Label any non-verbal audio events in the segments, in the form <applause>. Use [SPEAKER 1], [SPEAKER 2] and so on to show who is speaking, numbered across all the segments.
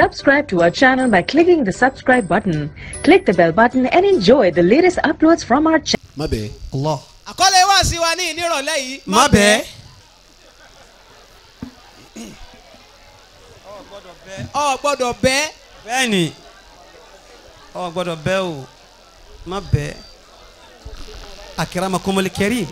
[SPEAKER 1] Subscribe to our channel by clicking the subscribe button. Click the bell button and enjoy the latest uploads from our channel. Má bẹ́ẹ̀. Allah. Àkọlé wá sí wa ní ìnírọ̀lẹ́ yìí. Má bẹ́ẹ̀. Ọ̀ gbọ́dọ̀ bẹ́ẹ̀. Ọ̀ gbọ́dọ̀ bẹ́ẹ̀. Bẹ́ẹ̀ni, ọ̀ gbọ́dọ̀ bẹ́ẹ̀ o, má bẹ́ẹ̀. Akiramakumul Karim.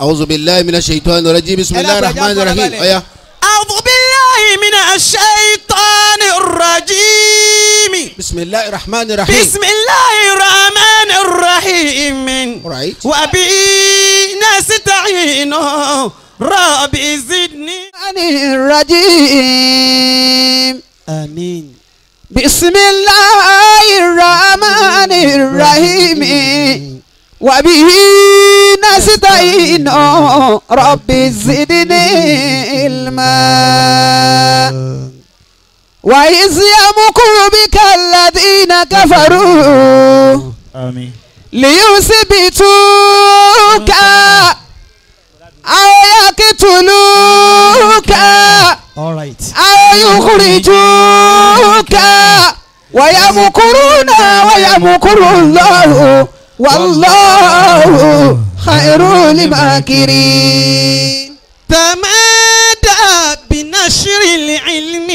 [SPEAKER 2] أعوذ بالله من الشيطان الرجيم بسم الله الرحمن الرحيم أيوه.
[SPEAKER 1] أعوذ بالله من الشيطان الرجيم بسم الله الرحمن الرحيم بسم الله الرحمن الرحيم right. وأبي تعينه ربي زدني الرجيم آمين بسم الله الرحمن الرحيم وبه أستعين ربي زدني علما وإذ يمكر بك الذين كفروا آمين ليثبتوك أو يقتلوك أو يخرجوك ويمكرون ويمكر الله والله خير الماكرين تمادى بنشر العلم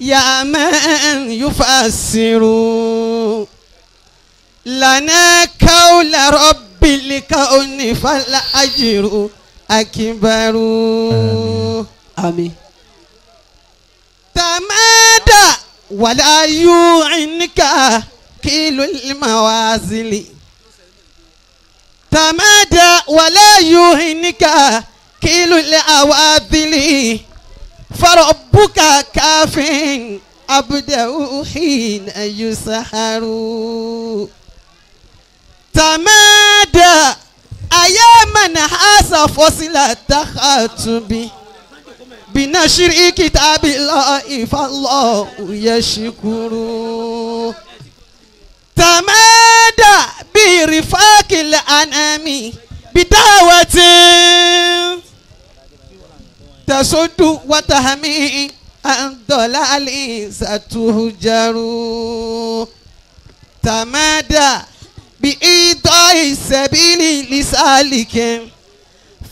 [SPEAKER 1] يا من يفسر لنا كول رب الكون اجر أكبر آمين تمادى ولا يعنك كيل الموازل tàmádà wàlá yuhinnika kílù ilẹ̀ àwọn abìlì farabbuka káfíń abudau hina yusaharu tàmádà ayémànà hásà fọ́sílà tàkàtúbi bìnà ṣírí kìtàbí lọ ìfàlọ́ òye tàmẹ́dà bíi rìfákìlì ànàmì bìdáwàtì tẹ̀sọ́dù wàtàmì àǹdọ̀láàlì ṣàtúnjẹrù tàmẹ́dà bíi ìdọ́ ìṣẹ̀bílì lìṣàlìkẹ́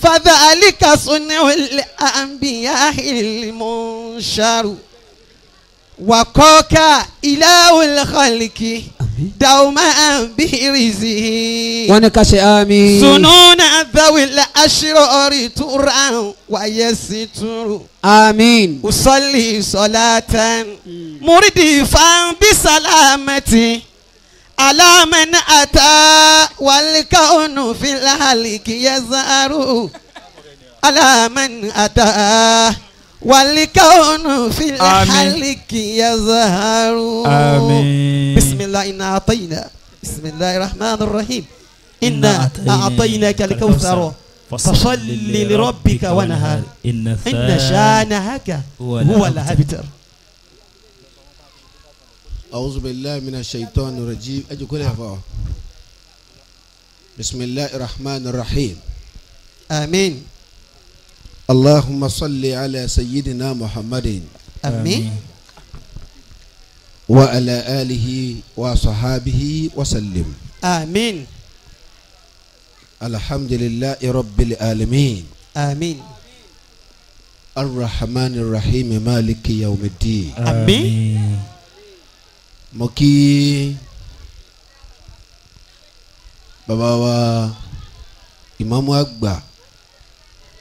[SPEAKER 1] fàdà àlìkàsọ́nẹ́wẹ̀lẹ̀ àǹbíyá ìlmọ̀ṣàrù wakọ́ka ilahul khaliki dàwùmá bìrìsì. wọ́n ní ká ṣe
[SPEAKER 2] àmì. sununa
[SPEAKER 1] dawil ashirori turan wayesi turu. àmín. usọ́lì sọ́látàn. múrídì fan bí sálámẹ́tì. alámẹ́ni ata wàlíkà ònù fìlà àlìkì yẹ zaaru. alámẹ́ni ata. والكون في الحلك يظهر بسم الله إنا أعطينا بسم الله الرحمن الرحيم إنا أعطيناك الكوثر فصل لربك ونهار إن شانك هو الأبتر
[SPEAKER 2] أعوذ بالله من الشيطان الرجيم أجل كل بسم الله الرحمن الرحيم آمين allahumma salli ala sayyidina muhammadin. àmín. wa ala alihi wa sahabihi wa sallim.
[SPEAKER 1] àmín.
[SPEAKER 2] alhamdulillahi rabbil alamin. àmín. الرحمن الرحيم مالك يوم الدين àmín mo kí bàbá wa ìmáàmù àgbà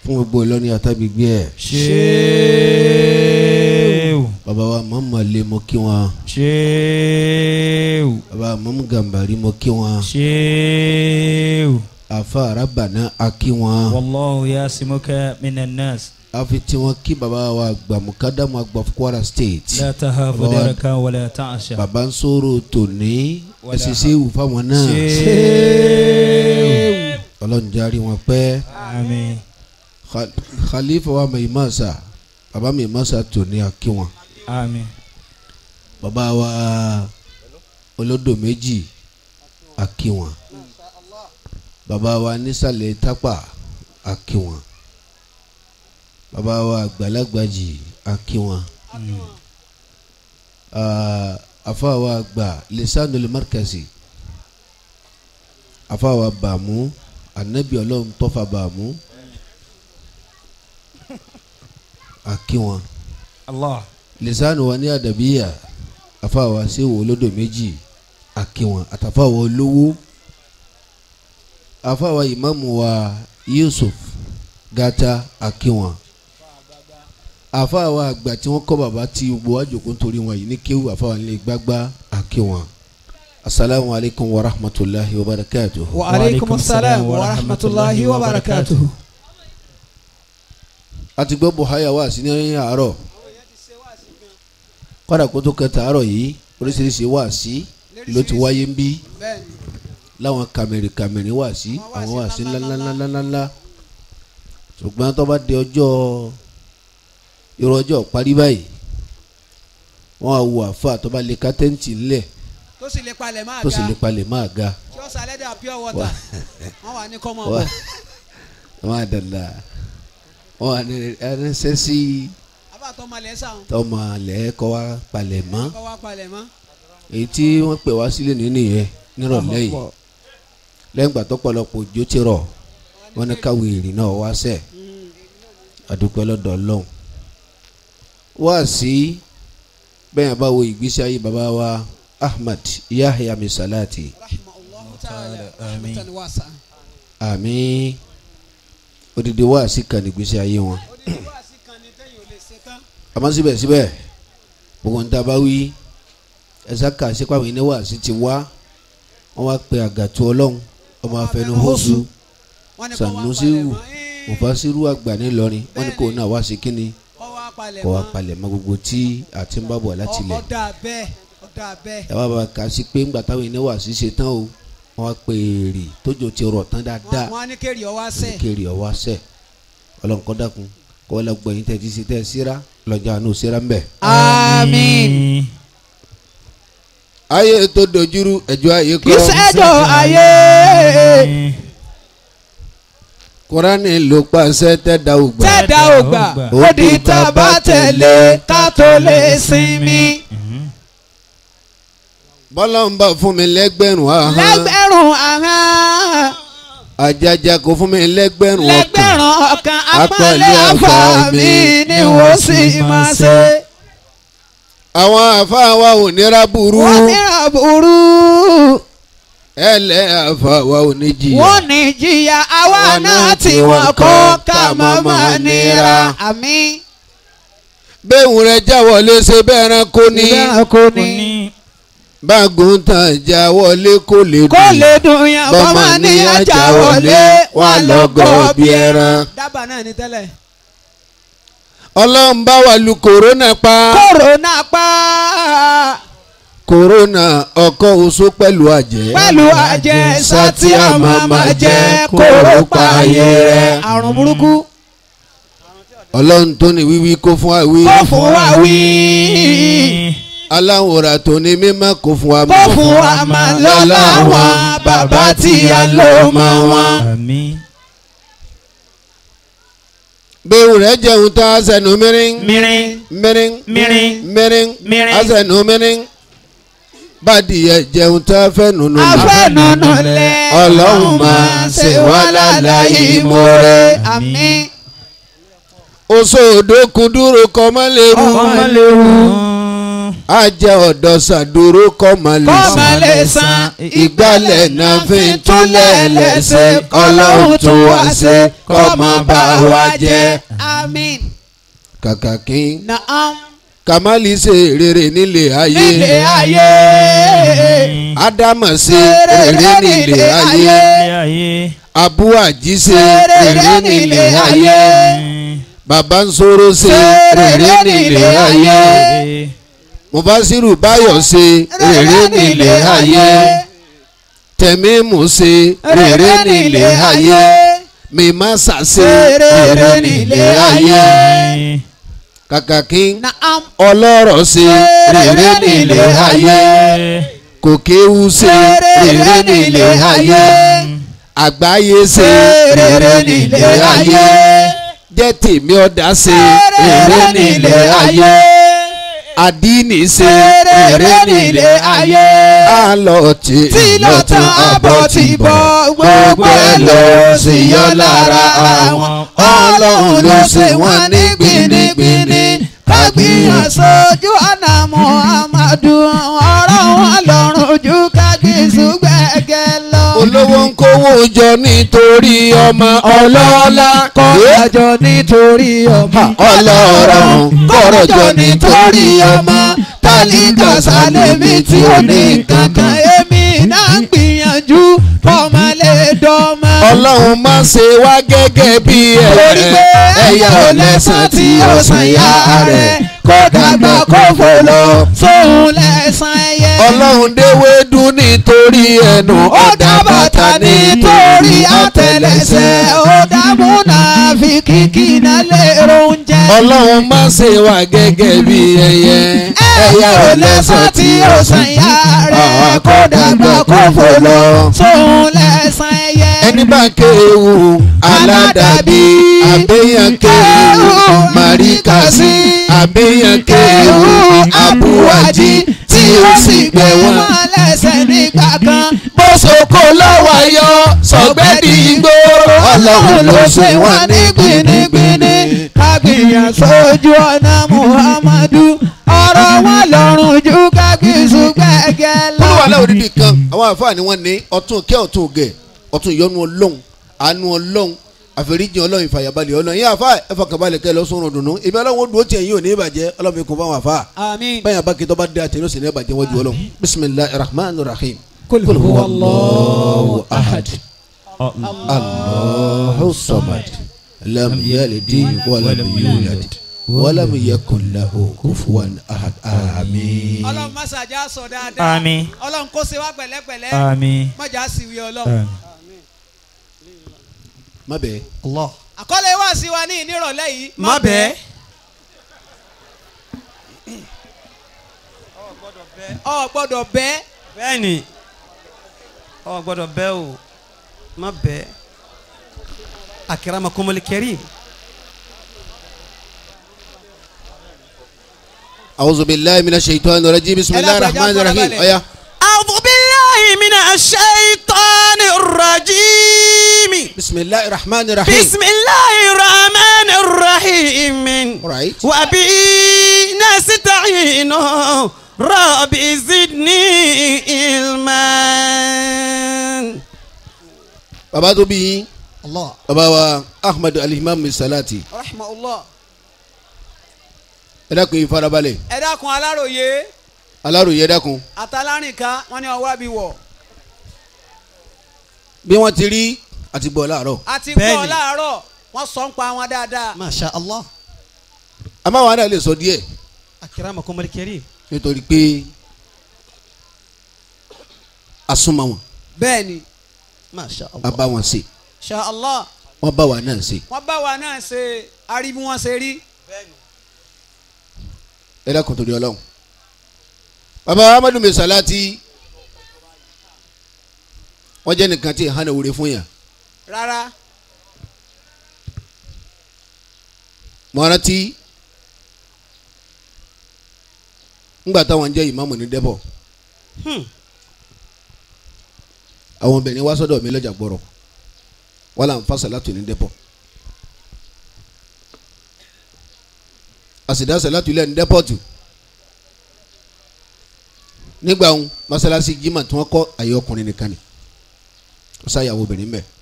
[SPEAKER 2] fún gbogbo Ìlọrin àtàgbègbè ẹ̀. ṣéèwù. bàbá wa mọ̀mọ́ lé mo kí wọn. ṣéèwù. bàbá mọ̀mọ́ gàmbàrí mo kí wọn.
[SPEAKER 1] ṣéèwù.
[SPEAKER 2] àfa arábànà akí wọn. wallahu yasimuka minan nas àfi tí wọn kí baba wa gbàmùkádàmù àgbà Kwara State. láta ha fọdẹ́rẹ́ kan wọlé tá a ṣe. baba ń sọ̀rọ̀ tòní ẹsẹ̀ sẹ́wù fáwọn náà. ọlọ́run járí wọn pẹ́. àmín khalifa wa maimasa baba maimasa tó ní akí wọn. àmín. baba wa olódò méjì akí wọn. baba wa nísàlẹ̀ tápà akí wọn. baba wa àgbàlagbàjì akí afa wa gba lisanul markazi afa wa bàmú anabi ọlọ́run tọ́fà bàmú. àkí wọn. Allah. lisanu wa ní àdàbíyà àfàwà séwò olódò méjì àkí wọn àtàfàwà olówó àfàwà ìmáàmù wa Yusuf gata àkí wọn àfàwà àgbà tí wọ́n kọ́ bàbá tí gbogbo àjòkó torí wọn yìí ní kéwù àfàwà nílé gbágbá àkí wọn asalaamu aleykum wa rahmatulahi wa barakatuhu. wa aleykum salaam wa rahmatulahi wa barakatuhu a ti gbọ́ buhaya wá sí ní àárọ̀ kọ́dà kó tó kẹta àárọ̀ yìí oríṣiríṣi wá sí ló ti wáyé ń bí láwọn kàmẹ̀rì kàmẹ̀rì wá sí àwọn wá sí ńláńláńláńlá ṣùgbọ́n tó bá di ọjọ́ irú ọjọ́ parí báyìí wọ́n á wo àfa tó bá lè ká tẹ́ǹtì ńlẹ̀
[SPEAKER 1] tó sì lè palẹ̀ máa ga tó sì lè
[SPEAKER 2] palẹ̀ máa ga tí ó sàlẹ̀ dà pure water wọ́n wà ní kọ́mọ́ bọ̀. wọ́n á dàda ẹnẹsẹ sí. àbá tọmọ lẹ sàn. tọmọ lẹ kọ wa palẹ̀ mọ́. kọ wa palẹ̀ mọ́. èyí tí wọ́n pè wá sílẹ̀ nínú yẹn nírọ̀lẹ́ yìí lẹ́yìn ìgbà tó pọ̀lọpọ̀ òjò ti rọ̀ wọ́n ní káwé ìrìn náà wá sẹ̀ àdúpẹ́ lọ́dọ̀ Ọlọ́run wá sí bẹ́ẹ̀ bá ìgbésí ayé bàbá wa Ahmad Yahya Misalati. rahma odidi wáàsí kan nígbésí ayé wọn àmọ́ síbẹ̀síbẹ̀ gbogbo ń dábàá wí ẹ̀sà kà sí pàmì ní wáàsí ti wá wọ́n wá pe àgàtú ọlọ́run ọmọ afẹnuhóṣù sànúsíwù mufasiru àgbà nílọrin wọ́n ní kò náà wá sí kínni kò wá palẹ̀ mọ́ gbogbo tí àti ń bá bọ̀ láti lẹ̀ ẹ̀ wá bàbá kà sí pé ńgbà táwọn ìnáwó àṣìṣe tán o wọ́n pe èrè tójó ti rọ̀ tán dáadáa wọ́n á ní kéré ọwọ́ sẹ̀ kéré ọwọ́ sẹ̀ ọlọ́run kọ́ dákun kọ́ lọ́gbọ̀n yín tẹ̀ ti ṣe síra lọ́jà àánú síra ń bẹ̀. ayé tó dojúrú ẹjọ́ ayé kọ́. kì í ayé. Kùránì ló pàṣẹ tẹ́dá ògbà. tẹ́dá ògbà ó di tá tẹ̀lé ká tó lè sinmi. Mhm bọ́lá ń bá fún mi lẹ́gbẹ̀rún ahán.
[SPEAKER 1] lẹ́gbẹ̀rún ahán.
[SPEAKER 2] àjàjà kò fún mi lẹ́gbẹ̀rún ọkàn.
[SPEAKER 1] lẹ́gbẹ̀rún ọkàn
[SPEAKER 2] apẹ̀lẹ́ àfà mi ni wọ́n sì máa ṣe. àwọn àfa wa ò nira burú. wọ́n
[SPEAKER 1] nira burú.
[SPEAKER 2] ẹlẹ́ àfa wa ò ní jìyà. wọ́n ní jìyà àwa náà tí wọ́n kọ́ ká má má nira. àmín. bẹ́ẹ̀ wùrẹ́ jáwọ́ lé bẹ́ẹ̀ rán kó ní. bẹ́ẹ̀ rán kó ní bágúntàn já wọlé kó lè dùn kó lè dùn yàn bọ́mọ ní ajá wọlé wà lọ́gọ́ bí ẹran. dábàá náà ni tẹ́lẹ̀. ọlọ́run bá wa lu kòrónà pa. kòrónà pa. kòrónà ọkọ oṣó pẹ̀lú àjẹ́. pẹ̀lú àjẹ́ sátí àmọ́ máa jẹ́ kóró pa ayé rẹ̀. àrùn burúkú. ọlọ́run tó ní wíwí kó fún wa kó fún wa aláwòrán tó ní mímọ́ kó fún wa mọ́. kó fún wa máa lọ́la wọn bàbá tí a ló mọ wọn. bẹ́ẹ̀ rẹ̀ jẹun tó asẹ̀nu mìíràn mìíràn mìíràn mìíràn asẹ̀nu mìíràn bàdìyẹ jẹun tó afẹnunu lẹ afẹnunu lẹ Ọlọ́run máa ṣe wá lálàyé mọ rẹ. àmín. oṣù òdòkú dúró kọ́ mọ́ kọ́ mọ́ a jẹ ọ̀dọ̀ ṣàdúró kọ́ máa lè san. kọ́ máa lè san ìgbàlẹ̀ náà fi túnlẹ̀ lẹ́sẹ̀ ọlọ́run tó wá ṣe kọ́ máa bá wa jẹ́. àmín. kàkà kí kàmáàlì ṣe rere nílé ayé. nílé ayé. ádámà ṣe rere nílé ayé. abúwàjí ṣe rere nílé ayé. bàbá ṣe rere nílé ayé mubasiru báyọ̀ ṣe rere nílé ayé tẹ̀mí mú ṣe rere nílé ayé mímásà ṣe rere nílé ayé kàkàkí ọlọ́rọ̀ ṣe rere nílé ayé kòkéwu ṣe rere nílé ayé àgbáyé ṣe rere nílé ayé jẹ́ tèmi ọ̀dà ṣe rere nílé ayé àdínì ṣe èrè nílé ayé àlọ́tì lọ́tún àbọ̀tìbọ̀ gbogbo ẹ̀ ló sì yọ lára àwọn ọlọ́run ló ṣe wọ́n ní gbinigbini
[SPEAKER 1] kágbìyàn sójú ọ̀nà muhammadu ọ̀rọ̀
[SPEAKER 2] wọn lọ́rùn
[SPEAKER 1] jù ká gbẹ̀gẹ́ lọ. olówó ń kówó jọ
[SPEAKER 2] nítorí
[SPEAKER 1] ọmọ ọlọ́lá kọ́ àjọ nítorí ọmọ ọlọ́rọ̀ kọ́rọ̀ jọ nítorí ọmọ tálíkà sálẹ̀mí tí ó ní kankan èmi náà ń gbìyànjú ọmọ lè dọ́mọ. ọlọ́run má ṣe wá gẹ́gẹ́ bí ẹ̀rẹ̀ ẹ̀yà ọ̀lẹ́sàn tí ó sàn yá rẹ̀ kó dàgbà kó fò lọ sóhun lẹ́sàn ẹyẹ. ọlọ́run déwé dún nítorí ẹnu ó dá bàtà nítorí àtẹlẹsẹ̀ ó dá múnà fi kíkì náà lérò oúnjẹ. ọlọ́run má ṣe wà gẹ́gẹ́ bí ẹyẹ. ẹyẹ ò lẹ́sàn tí ó sàn yá rẹ̀ ah, ah, kó dàgbà kó fò lọ sóhun lẹ́sàn ẹyẹ. ẹni bá
[SPEAKER 2] kéwu aládàbí àbẹ̀yàn kéwu màríkà
[SPEAKER 1] sí àbíyànkẹ́ ó àbúwájí tí ó sì gbé wọn lẹ́sẹ̀ nígbà kan. bó soko lọ́wọ́ yọ sọ̀gbẹ́dì igbó ọlọ́run ló ṣe wọ́n ní gbinigbini kágbìyàn sójú ọ̀nà muhammadu ọ̀rọ̀ wọn lọ́rùn jù kágbìsù gbẹ̀gẹ̀
[SPEAKER 2] lọ. kúlù wàhálà òdìdí kan àwọn àǹfààní wọn ní ọ̀tún kẹ́ ọ̀tún ògẹ̀ ọ̀tún ìyọnu ọlọ́run àánú ọlọ́run àforíjì ọlọ́run ìfàyàbalẹ̀ ọlọ́run yín àfa ẹ̀fọkànbalẹ̀ kẹ́ lọ sọ̀rọ̀ dùnú ìbí ọlọ́run dùn ó tiẹ̀ yín ò ní ìbàjẹ́ ọlọ́run kò fáwọn àfa. báyà bá kìtọ́ bá dé àti inú sinimá ìbàjẹ́ wọ́n ju ọlọ́run bisimilahi rahman rahim. kul allahu ahad allahu samad lam yalidi walam kufuwan ahad àmín. ọlọ́run má sọ dáadáa ọlọ́run kó ṣe wá pẹ̀lẹ́pẹ̀lẹ́ àmín má wí ọlọ́run
[SPEAKER 1] má bẹ́ẹ̀. Allah. àkọlé wá sí wa ní ìnírọ̀lẹ́ yìí. má bẹ́ẹ̀. ọ gbọ́dọ̀ bẹ́ẹ̀. bẹ́ẹ̀ni ọ gbọ́dọ̀ bẹ́ẹ̀ o má bẹ́ẹ̀. akramakumul karim.
[SPEAKER 2] أعوذ بالله من الشيطان الرجيم بسم الله الرحمن الرحيم
[SPEAKER 1] أعوذ بالله من الشيطان الرجيم rahim. bisimilahi rahman rahim. bisimilahi rahman rahim. right. wa bi nasta'inu rabbi zidni ilman. baba tó bí yín. Allah.
[SPEAKER 2] baba wa ahmadu alimami misalati.
[SPEAKER 1] rahmanulah.
[SPEAKER 2] ẹ dákun yìí farabalẹ̀. ẹ dákun aláròye. aláròye ẹ dákun. àtàlárìnká wọn ni ọwọ́ àbí wọ̀. bí wọ́n ti rí a ti gbọ́ láàárọ̀. a ti gbọ́ láàárọ̀ wọ́n sọ ń pa wọn dáadáa. masha allah. a máa wà náà lè sọ díẹ̀.
[SPEAKER 1] akramakumul karim.
[SPEAKER 2] nítorí pé a súnmọ́ wọn.
[SPEAKER 1] bẹ́ẹ̀ni. masha allah.
[SPEAKER 2] a bá wọn ṣe. masha allah. wọ́n bá wa náà ṣe. wọ́n bá wa náà ṣe a rí bí rí. bẹ́ẹ̀ni. ẹ dákun torí ọlọ́run. bàbá amadu mi sàlátì wọ́n jẹ́ nìkan tí ìhánà òre fún yàn rárá. mo rántí ngbà táwọn jẹ́ ìmáàmù ní dẹ́bọ̀ hmm. àwọn obìnrin wá sọ́dọ̀ mi lọ́jà gbọ́rọ̀ wọ́n là ń fa sàlátù ní dẹ́bọ̀ àsìdá sàlátù ilẹ̀ ní dẹ́pọ̀tù nígbà wọn masalasi jimá tí wọ́n kọ́ àyè ọkùnrin nìkan ni sáyàwó obìnrin mẹ́ẹ̀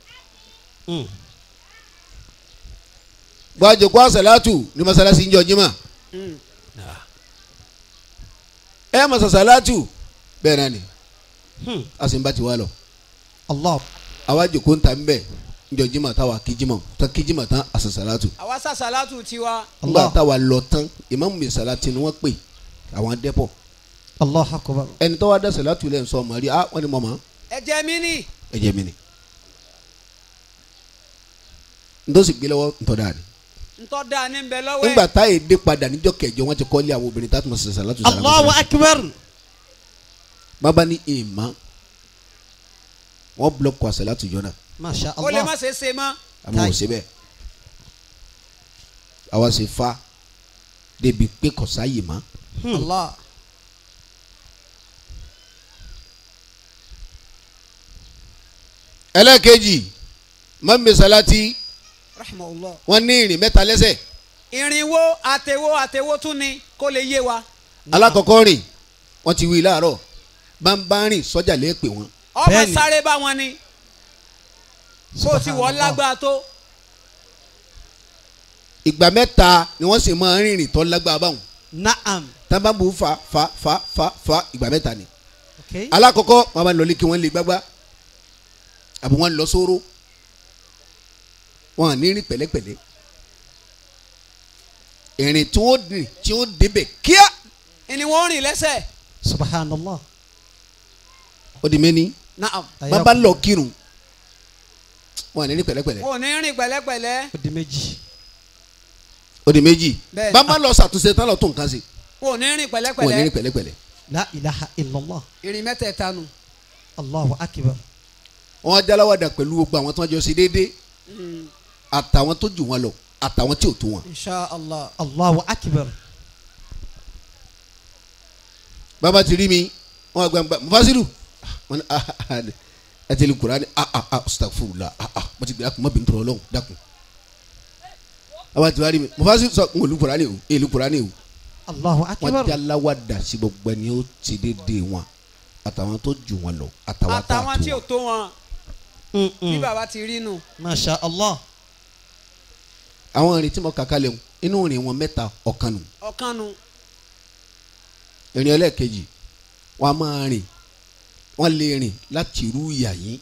[SPEAKER 2] gbàjọ kó àṣàlátù ní masalasi ń jọ jimá
[SPEAKER 1] ẹ hmm. ah.
[SPEAKER 2] eh, masasalátù bẹ́ẹ̀ náà ni hmm. a sì ń bá ti wá lọ àwa jòkó ń ta ń bẹ̀ njọ jimá táwa kí jimá tán kí jimá tán àṣàṣàlátù. àwa ṣàṣàlátù tiwa. nígbà táwa lọ tán ìmáàmù mi sàlátì ni wọ́n pè àwọn dẹ́pọ̀. Allahu Akbar. ẹni tó wá dá sàlátù lẹ́yìn sọ ọmọ rí ah ni mọ̀ mọ́. ẹ ntọ́ sì gbé lọ́wọ́ ntọ́ dáa ni.
[SPEAKER 1] ntọ́ dáa ni nbẹ lọ́wọ́ ẹ̀. nígbà
[SPEAKER 2] tá èdè padà níjọ́ kẹjọ wọn ti kọ́lé àwọn obìnrin tá a tún mọ̀ sàlá tún akbar. bàbá ni ìmọ̀ wọn bulọ̀kù àṣàlá tún jọ náà. masha Allah. o lè má ṣe ṣe mọ́. àmọ́ ò ṣe bẹ́ẹ̀ àwa ṣe fa débi pé kọ̀sáyè mọ́. Hmm. Allah. ẹlẹ́kejì mọ́mí salati wọ́n ní ìrìn mẹ́ta lẹ́sẹ̀. ìrìnwó àtẹ̀wó àtẹ̀wó tún ni kó lè yé wa. alákọ̀ọ́kọ́ rìn wọ́n ti wí láàárọ̀ bámbá rìn sọ́jà lè pè wọ́n. ọmọ sáré bá wọn ni bó ti wọ́n lágbára tó. ìgbà mẹ́ta ni wọ́n sì máa ń rìnrìn tó lágbára báwọn. naam. tábàbù fa fa fa fa fa ìgbà mẹ́ta ni. alákọ̀ọ́kọ́ wọn bá lọ lé kí wọ́n lè gbágbá àbí lọ sóró wọn à ní rìn pẹ̀lẹ́pẹ̀lẹ́ ìrìn tí ó rìn tí ó débẹ̀ kíá. ìní wọn rìn lẹ́sẹ̀. subhanallah. ó di mẹ́ni. naam. bàbá lọ kírun wọn à ní rìn pẹ̀lẹ́pẹ̀lẹ́. wọn ò ní rìn pẹ̀lẹ́pẹ̀lẹ́. ó di méjì. ó di méjì. bẹ́ẹ̀ bàbá lọ ṣàtúnṣe tán lọ tó nǹkan ṣe.
[SPEAKER 1] wọn ò ní rìn pẹ̀lẹ́pẹ̀lẹ́. wọn ò ní rìn pẹ̀lẹ́pẹ̀lẹ́. la ilaha illallah. ìrìn mẹ́tẹ̀ẹ̀ta nu. allahu akbar.
[SPEAKER 2] wọn jalawa pẹ̀lú gbogbo àwọn tó ń jọ sí déédéé. Hmm àtàwọn tó jù wọn lọ àtàwọn tí ò tó wọn. insha allah allahu akbar. bàbá ti rí mi wọn gbàgbà mufasiru wọn ni ah, ah, ah, ẹ ti lu kurani ah ah ah astaghfirullah ah ah mo ti gbé akun mo bí n tọrọ lọ́hùn dákun àwọn àti wàhálì mi mo fà sí sọ n olú kurani o èlú e kurani o. akbar wọn jala wa da sí gbogbo ẹni ó ti dédé wọn àtàwọn tó jù wọn lọ àtàwọn tó àtàwọn tí ò tó wọn bí bàbá ti rí nu. masha allah àwọn ìrìn tí mo kà kalẹ̀ inú ìrìn wọn mẹ́ta ọ̀kan nù. ọ̀kan nù. ìrìn ẹlẹ́ẹ̀kejì wọn a máa rìn wọn lè rìn láti irú ìyà yìí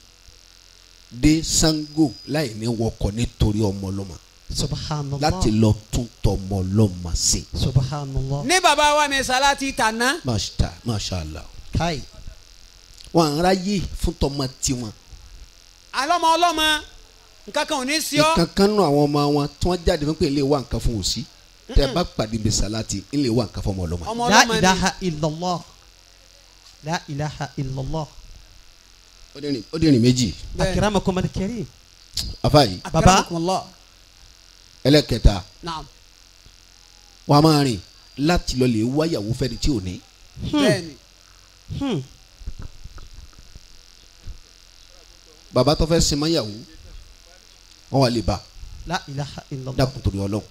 [SPEAKER 2] dé Ṣàngó láì ní wọkọ̀ nítorí ọmọ ọlọ́mọ subhanallah láti lọ tún tọmọ lọmọ sí.
[SPEAKER 1] subhanallah. ní baba wa ni salati tana.
[SPEAKER 2] masha masha allah. kai. wọn ara yé fún tọmọ tiwọn. alọmọ ọlọmọ nǹkan kan ò ní sí ọ. nǹkan kan nù àwọn ọmọ wọn tí wọ́n jáde fún pé ilé wa nǹkan fún òsì tẹ bá pàdé bí salati ilé wa nǹkan fún ọmọ ọlọmọ. la ilaha
[SPEAKER 1] illallah la ilaha illallah. ó dé rìn ó dé rìn méjì. akramakum al-karim.
[SPEAKER 2] afa yi. baba ẹlẹ́kẹta. naam. wàá máa rìn láti lọ lè wáyàwó fẹ́ni tí ò ní. Hmm. bẹ́ẹ̀ni. Hmm. baba tó fẹ́ sinmi yàwó wọ́n wà lè bá dákun torí ọlọ́run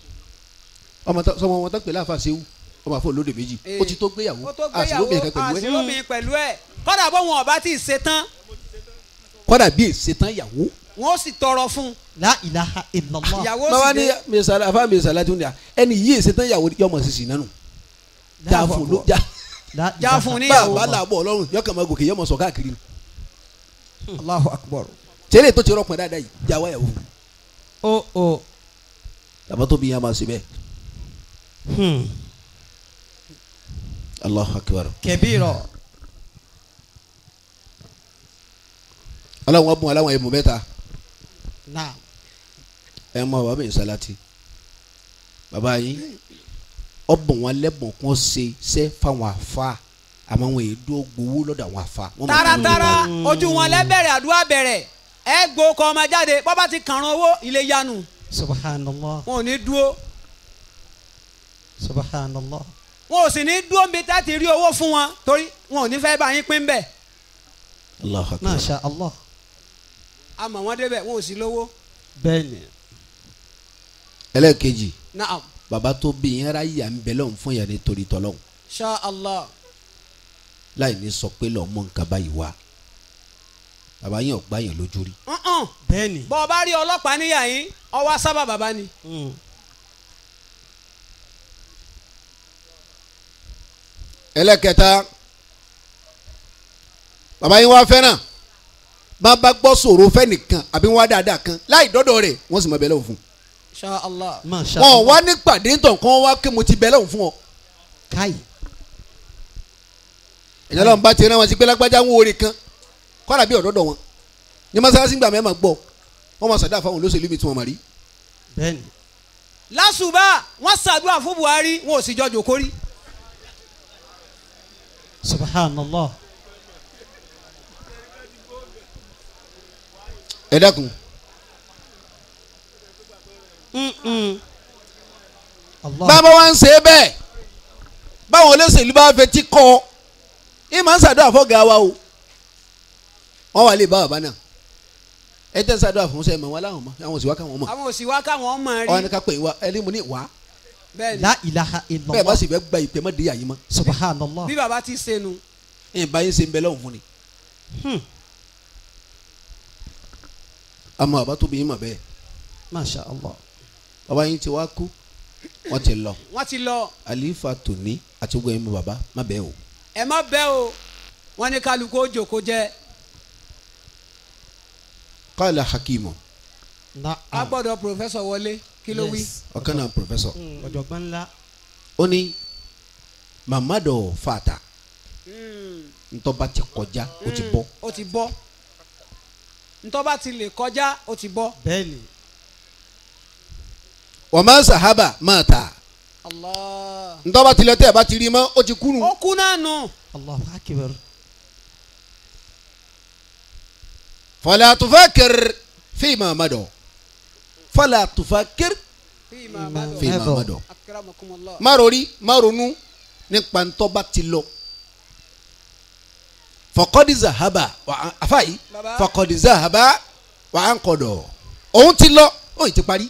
[SPEAKER 1] ọmọ sọmọ wọn tán
[SPEAKER 2] pè láàfà ṣéwù ọmọ àfọ olóde méjì ó ti tó gbéyàwó àṣìlómi pẹ̀lú ẹ̀
[SPEAKER 1] kọ́dà bó wọn ọba tí ì ṣetán.
[SPEAKER 2] kọ́dà bí ìṣetán ìyàwó.
[SPEAKER 1] wọn ó sì tọrọ fún. la ilaha illallah. ìyàwó sì dé. báwa ní
[SPEAKER 2] mẹsàlá àfa mẹsàlá tó ń dà ẹni yìí ìṣetán ìyàwó yọmọ sísìn nánu. jáfun ló já já fún ní ìyàwó bá làbọ̀ ọlọ́run yọkàn máa gòkè yọmọ sọ káàkiri. Allahu akbar. tẹ́lẹ̀ tó ti rọpọ̀ dáadáa yìí o o. bàbá tó bí yàn máa ṣe bẹ́ẹ̀. Allahu akbar. kẹbíìrọ. aláwọn bùn aláwọn ẹbùn mẹ́ta. na. ẹ mọ bàbá yìí sálátì bàbá yìí ọbùn wọn lẹ́bùn kún ṣe ṣe fáwọn àfa àmọ́ wọn èdè gbowó lọ́dọ̀ àwọn àfa.
[SPEAKER 1] taratara ojú wọn lẹ́bẹ̀rẹ̀
[SPEAKER 2] àdúrà bẹ̀rẹ̀ ẹ gbọ́ kọ ọmọ jáde bọ́ bá ti
[SPEAKER 1] kàrán owó ilé yanu. subhanallah. wọn ò ní dúró. subhanallah. wọn ò sì ní dúró níbi tá a ti rí owó fún wọn torí wọn ò ní fẹ́ bá yín pín bẹ́ẹ̀. allah akbar. masha allah.
[SPEAKER 2] a mọ̀ wọ́n débẹ̀ wọn ò sí lówó. bẹ́ẹ̀ni. ẹlẹ́ẹ̀kejì. naam. bàbá tó bí yẹn ra yà ń bẹ lọ́hùn fún yàrá nítorí tọ́lọ́hùn. allah. láì ní sọ pé lọ́ọ́ mọ nǹkan báyìí wá bàbá yẹn ò gbá yẹn lójú rí. bẹ́ẹ̀ni. bọ́ ọ bá rí ọlọ́pàá níyà yín ọwọ́ sábà bàbá ni. Mm. ẹlẹ́kẹta bàbá yín wá fẹ́ràn bá bá gbọ́ sọ̀rọ̀ fẹ́nìkan àbí wá dáadáa kan láì dọ́dọ̀ rẹ̀ wọ́n sì mọ bẹ́ẹ̀ lọ́wọ́ fún
[SPEAKER 1] un. Allah. wọn
[SPEAKER 2] wá ní pàdé tán kan wá kí mo ti bẹ́ẹ̀ lọ́wọ́ fún ọ. káyì. ìjọba ń bá ti rán wọn sí pé lágbájá ń wo orin kan kọ́ra bí ọ̀dọ́dọ̀ wọn ní mọ́sálásí gbà mẹ́ẹ̀mà gbọ́ wọ́n máa sàdá fáwọn olóṣèlú mi tí wọ́n máa rí. bẹ́ẹ̀ni. lásùbà wọ́n ṣàdúrà fún Buhari wọn ò sì jọ jòkó rí.
[SPEAKER 1] subhanallah. ẹ dákun.
[SPEAKER 2] bàbá wa ń ṣe é bẹ́ẹ̀ báwọn olóṣèlú bá fẹ́ tí kọ́ ẹ máa ń ṣàdúrà fọ́gà wa o wọ́n wà lè bá bàbá náà ẹ tẹ́ sádọ́ àfọ̀nsẹ́ mọ̀ wọn láwọn mọ̀ àwọn òsìwá káwọn mọ̀. àwọn òsìwá káwọn mọ̀ rí. ọ̀hún ká pè ẹni mo ní wá. bẹ́ẹ̀ni la ilaha illallah. bẹ́ẹ̀ bá sì fẹ́ gba ìpè mọ́ di àyè mọ́. subhanallah. bí bàbá ti ṣe nu. ẹ bá yín ṣe ń bẹ fún ni. Hmm. àmọ́ bàbá tóbi yín mọ̀ bẹ́ẹ̀. masha allah. bàbá yín ti wá kú wọ́n ti lọ. wọ́n ti lọ. àlìfà tòní àti gbẹ̀yìn bàbá má bẹ́ẹ̀ o. ẹ má bẹ́ẹ̀ o wọ́n ní kálukú ó jòkó jẹ́ kọ́lá hakimu. na a ah. gbọ́dọ̀ professor wọlé kí ló wí. ọ̀kan náà professor. Mm. ọ̀jọ̀gbọ́n ńlá. ó ní màmá dọ̀ fàtà mm. ntọ́ba ti kọjá ó ti mm. bọ́. ó ti bọ́ ntọ́ba ti lè kọjá ó ti bọ́. bẹ́ẹ̀ni. wọ́n máa ń sàhábà máa ta. Allah. ntọ́ba tilẹ̀ tẹ́ ẹ bá ti rí i mọ́ ó ti kú ó kú náà nù.
[SPEAKER 1] Allahu akbar.
[SPEAKER 2] fala tufakir fima mado fala tufakir fima mado má rori má ronú nípa ntọ́ba ti lọ fọkọ́dí zahaba àfàyí fọkọ́dí zahaba wà á ń kọ̀dọ̀ òun ti lọ ó ti parí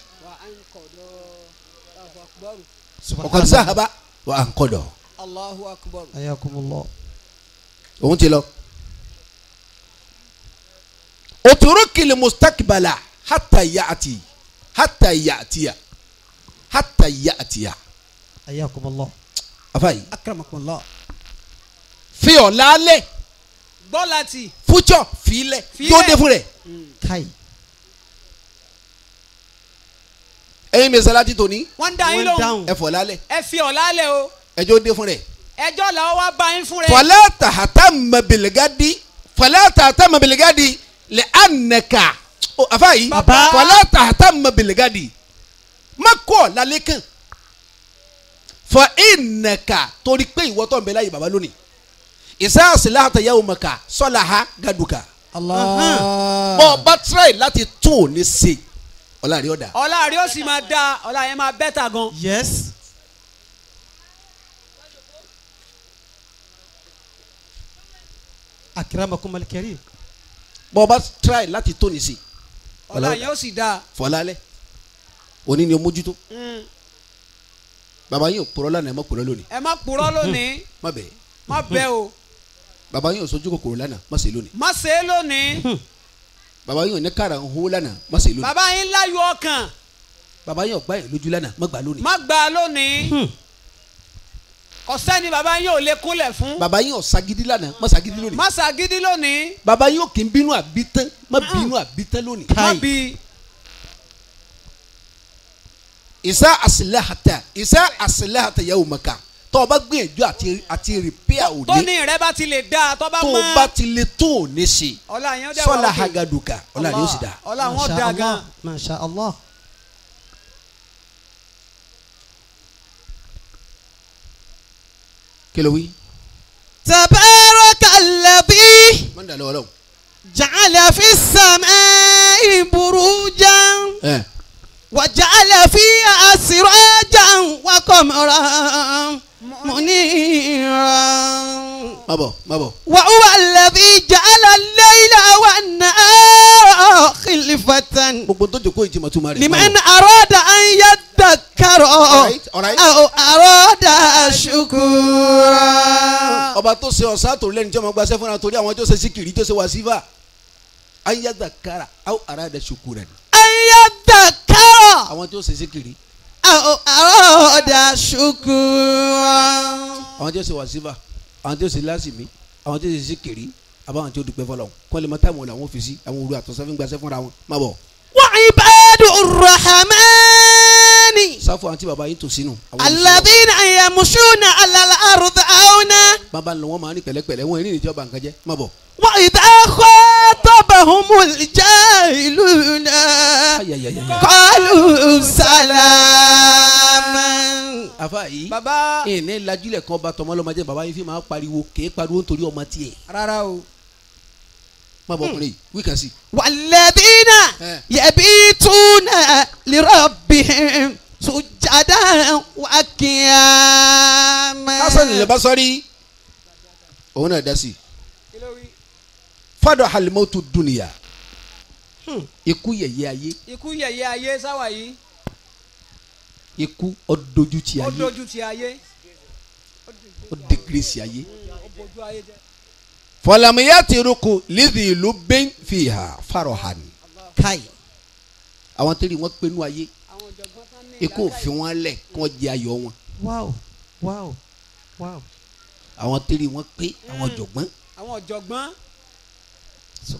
[SPEAKER 2] fọkọ́dí zahaba wà á ń kọ̀dọ̀ òun ti lọ otorokele mustakibala hata ya ati hata ya atiya hata ya atiya. ayakumallah. afayi. akramakumallah. fi ọ lálẹ́. gbọ́ láti. fújọ filẹ̀ tó dé fún rẹ̀. Hmm. kai. ẹ̀yin mi salati tóni. wọ́n dá yín lóhùn. ẹ fọ̀ lálẹ́. ẹ fi ọ lálẹ́ o. ẹjọ́ dé fún rẹ̀. ẹjọ́ làwọn wá bá yín fún rẹ̀. fọlá tàhátà mọ̀bìlgádì fọlá tàhátà mọ̀bìlgádì lè ànàkà o afa yìí fọlá tààtà mọbìlìgàdì má kọ lálẹ́ kàn fọ ìnàkà torí pé ìwọ tó ń bẹ láyé baba lónìí ìsá àsìlá àtàyàwó mọ̀ká sọ́là ha gàdùkà bọ́ bá tíráì láti tún ò ní ṣe ọ̀la rí ọ̀dà. ọ̀la rí ó sì máa da ọ̀la yẹn máa bẹ́tà gan. yes. akiramakumalikari bọ́ ọba try láti tó nìsí. ọ̀la yóò sì dáa. fọlálẹ́ òní ni o mójútó. Hmm. bàbá yín ò purọ́ lánàá ẹ má purọ́ lónìí. ẹ má purọ́ lónìí. Hmm, hmm, má bẹ̀. má bẹ̀ o. bàbá yín ò sojú kòkòrò lánàá má ṣe lónìí. má ṣe lónìí. bàbá yín ò ní kára ń hó lánàá má ṣe lónìí. bàbá yín láyọ̀ ọkàn. bàbá yín ò gbá yín lójú lánàá má gbà lónìí. má gbà lónìí ọ̀sẹ́ni bàbá yín ò lè kúnlẹ̀ fún. bàbá yín ò sagidi lánàá má sagidi lónìí. má sagidi lónìí. bàbá yín ò kì í bínú àbí tán má bínú àbí tán lónìí. má bí. ìsá àsìláhàtà ìsá àsìláhàtà yà ó mọ̀ká tó o bá gbìyànjú àti àti rìpíà òní. tóní rẹ bá ti lè da tó bá mọ. tó o bá ti lè tó o ṣe.
[SPEAKER 1] ọlá yẹn ó dẹ́ wà ó kì
[SPEAKER 2] í. ọlá yẹn ó sì dá. ọlá wọn dá gan.
[SPEAKER 1] Masha allah. kí ló wí. tabaraka alladhi. má dàlẹ́ wọlé o. ja'ala fi samai burujan. wa ja'ala fiha sirajan wa qamaran. منيرا
[SPEAKER 2] ما بو ما بو
[SPEAKER 1] وهو الذي جعل الليل والنهار خلفة لمن أراد أن يذكر أو أراد
[SPEAKER 2] شكورا ọba tó ṣe ọ̀sán àtòrí lẹ́nu tí ọmọ gbaṣẹ́ fúnra torí àwọn tó ṣe síkìrì tó ṣe wàsífà ayé dàkàrà àwọn ará dàṣukú rẹ̀. ayé dàkàrà. àwọn tó síkìrì ọ̀dà ṣùkú. àwọn tí ó ṣe wàsífà àwọn tí ó ṣe lásìmí àwọn tí ó ṣe síkìrì àbáwọn tí ó dúpẹ́ fọlọ́ kọ́ lè mọ táwọn làwọn fi sí àwọn olú àtọ́sẹ́ fún gbàsẹ́ fúnra wọn má bọ̀. wà á ibadu rahmani. sáfù àti bàbá yín tò sínú. alladhina
[SPEAKER 1] yamushuna alal ardi auna.
[SPEAKER 2] bàbá lọ wọn máa ní pẹ̀lẹ́pẹ̀lẹ́ wọn ìrìn ìjọba nǹkan jẹ má bọ̀.
[SPEAKER 1] wà á ìdá kọ́ خاطبهم الجاهلون قالوا سلاما. àfa yìí baba
[SPEAKER 2] ìní lajúlẹ̀ kan bá tọmọlọmọdé baba yìí fi máa pariwo kéé pariwo nítorí ọmọ tiẹ̀. rárá o má bọ̀ ọkùnrin yìí wí kan sí.
[SPEAKER 1] wàlẹ́bínà yẹ̀bítúnà lírọ̀bìhìn sùjàdá wákìá. lásán ìlẹ̀ bá sọ́rí
[SPEAKER 2] òun náà dá sí i fada halimotu dunuya hmm. ikú yẹyẹ ayé. ikú yẹyẹ ayé sáwà yìí. ikú ọdójú ti ayé. ọdójú ti ayé. ọdẹgírẹsì hmm, ayé. fọlámiyà ti rúkú lídìí ìlú bẹ́ẹ̀ fi hà fárọ̀ hàn káyì. àwọn tẹ́lẹ̀ wọ́n pinnu ayé. ikú fi wọ́n lẹ̀ kí wọ́n jẹ ayọ̀ wọn.
[SPEAKER 1] wáò wáò wáò.
[SPEAKER 2] àwọn tẹ́lẹ̀ wọ́n pé àwọn ọ̀jọ̀gbọ́n.
[SPEAKER 1] àwọn ọ̀jọ̀gbọ́n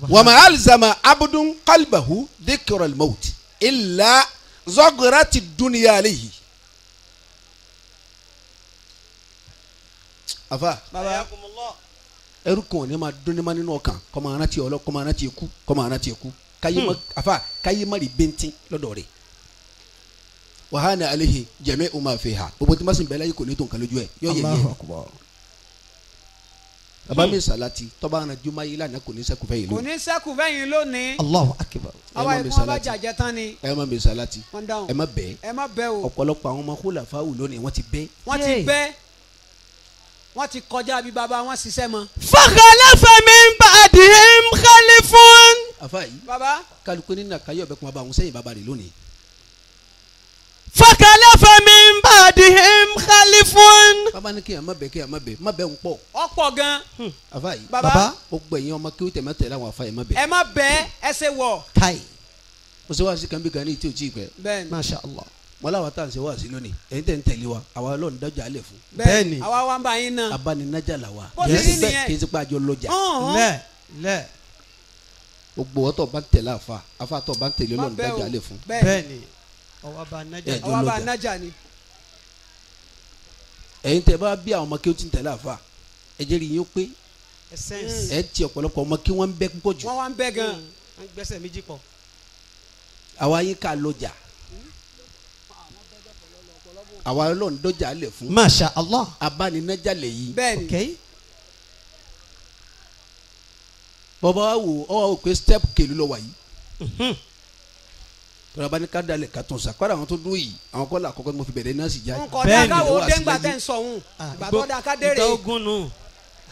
[SPEAKER 2] wàmà alizama abudun kalibahu dikirol mawuti ilà zọgirati duniya aleyi. afa ẹrú kan ní ma dún ní ma nínú ọkàn kọ́mọ aná tiẹ̀ ọlọ́ kọ́mọ aná tiẹ̀ kú kọ́mọ aná tiẹ̀ kú káyé ma hmm. afa káyé ma rí bẹ́ntì lọ́dọ̀ rẹ̀ wàhánà alehi jẹ̀mẹ́ o ma fi hà gbogbo tí ma sìn bẹ́ẹ̀ láyé kò ní tó nǹkan lójú baba mi salati tọba ana juma yi lana kò ní ṣẹ́kù fẹ́ yìí lónìí. kò ní ṣẹ́kù fẹ́ yìí lónìí. Allahu akbar. awa ye kuma bá jàjẹ tán ni. ẹ ma mi salati. wọn dáhùn ẹ ma bẹ. ẹ ma bẹ o. ọ̀pọ̀lọpọ̀ àwọn ọmọ kó làfa wù lónìí wọ́n ti bẹ́. wọ́n ti bẹ́ wọ́n ti kọjá bí baba wọn ṣiṣẹ́ mọ́. fakhalafa min ba'dihim khalifun. àfa yìí baba kálukú nínú àkàyọ̀ bẹ kuma bá àwọn sẹ́yìn baba rẹ̀ lónìí. fakhalafa
[SPEAKER 1] mi ba'dihim khalifun.
[SPEAKER 2] bàbá ní kí n má bẹ̀ kí n má bẹ̀ má bẹ̀ ń pọ̀.
[SPEAKER 1] ọ̀pọ̀ gan. Hmm.
[SPEAKER 2] àfa yìí bàbá ó gbẹ̀yìn ọmọ kí ó tẹ̀ tẹ̀lé àwọn àfa yìí má bẹ̀. ẹ má bẹ ẹsẹ wọ. káì mo ṣe wáàsí kan bí gan ní ìtí òjì ìgbẹ́. bẹ́ẹ̀ni masha allah mo láwa tá à ń ṣe wáàsí lónìí ẹ̀yin tẹ̀ ń tẹ̀lé wa àwa ọlọ́run dájọ́ alẹ́ fún. bẹ́ẹ̀ni àwa wa ń bá yín náà. abáninájà wa. bó ti rí nìyẹn kì í ẹ̀yin tẹ́ bá bí àwọn ọmọ kí o ti ń tẹ̀lé àfa ẹ jẹ́ rí yín ó pé ẹ hmm. ti ọ̀pọ̀lọpọ̀ ọmọ kí wọ́n ń bẹ́ púpọ̀ jù. wọ́n wá ń bẹ́ gan an
[SPEAKER 1] hmm. gbẹ́sẹ̀ méjì pọ̀.
[SPEAKER 2] àwa yín ká lọjà àwa ọlọ́run dọ́jà lẹ̀ fún. masha allah. abáninájà lè yí. bẹ́ẹ̀ni. okay. bọ́bá wo ọ wá wò pé step kèlú lọ wà yìí. Mhm tọ́lá bá ní ká dalẹ̀ ká tún sa kọ́ra àwọn tó dún yìí àwọn kọ́lá àkọ́kọ́ ni mo fi bẹ̀rẹ̀ náà sì já. nkọ́ da ká wo déngbà tẹ̀ ń
[SPEAKER 1] sọ òun ah. bàbá da ká dére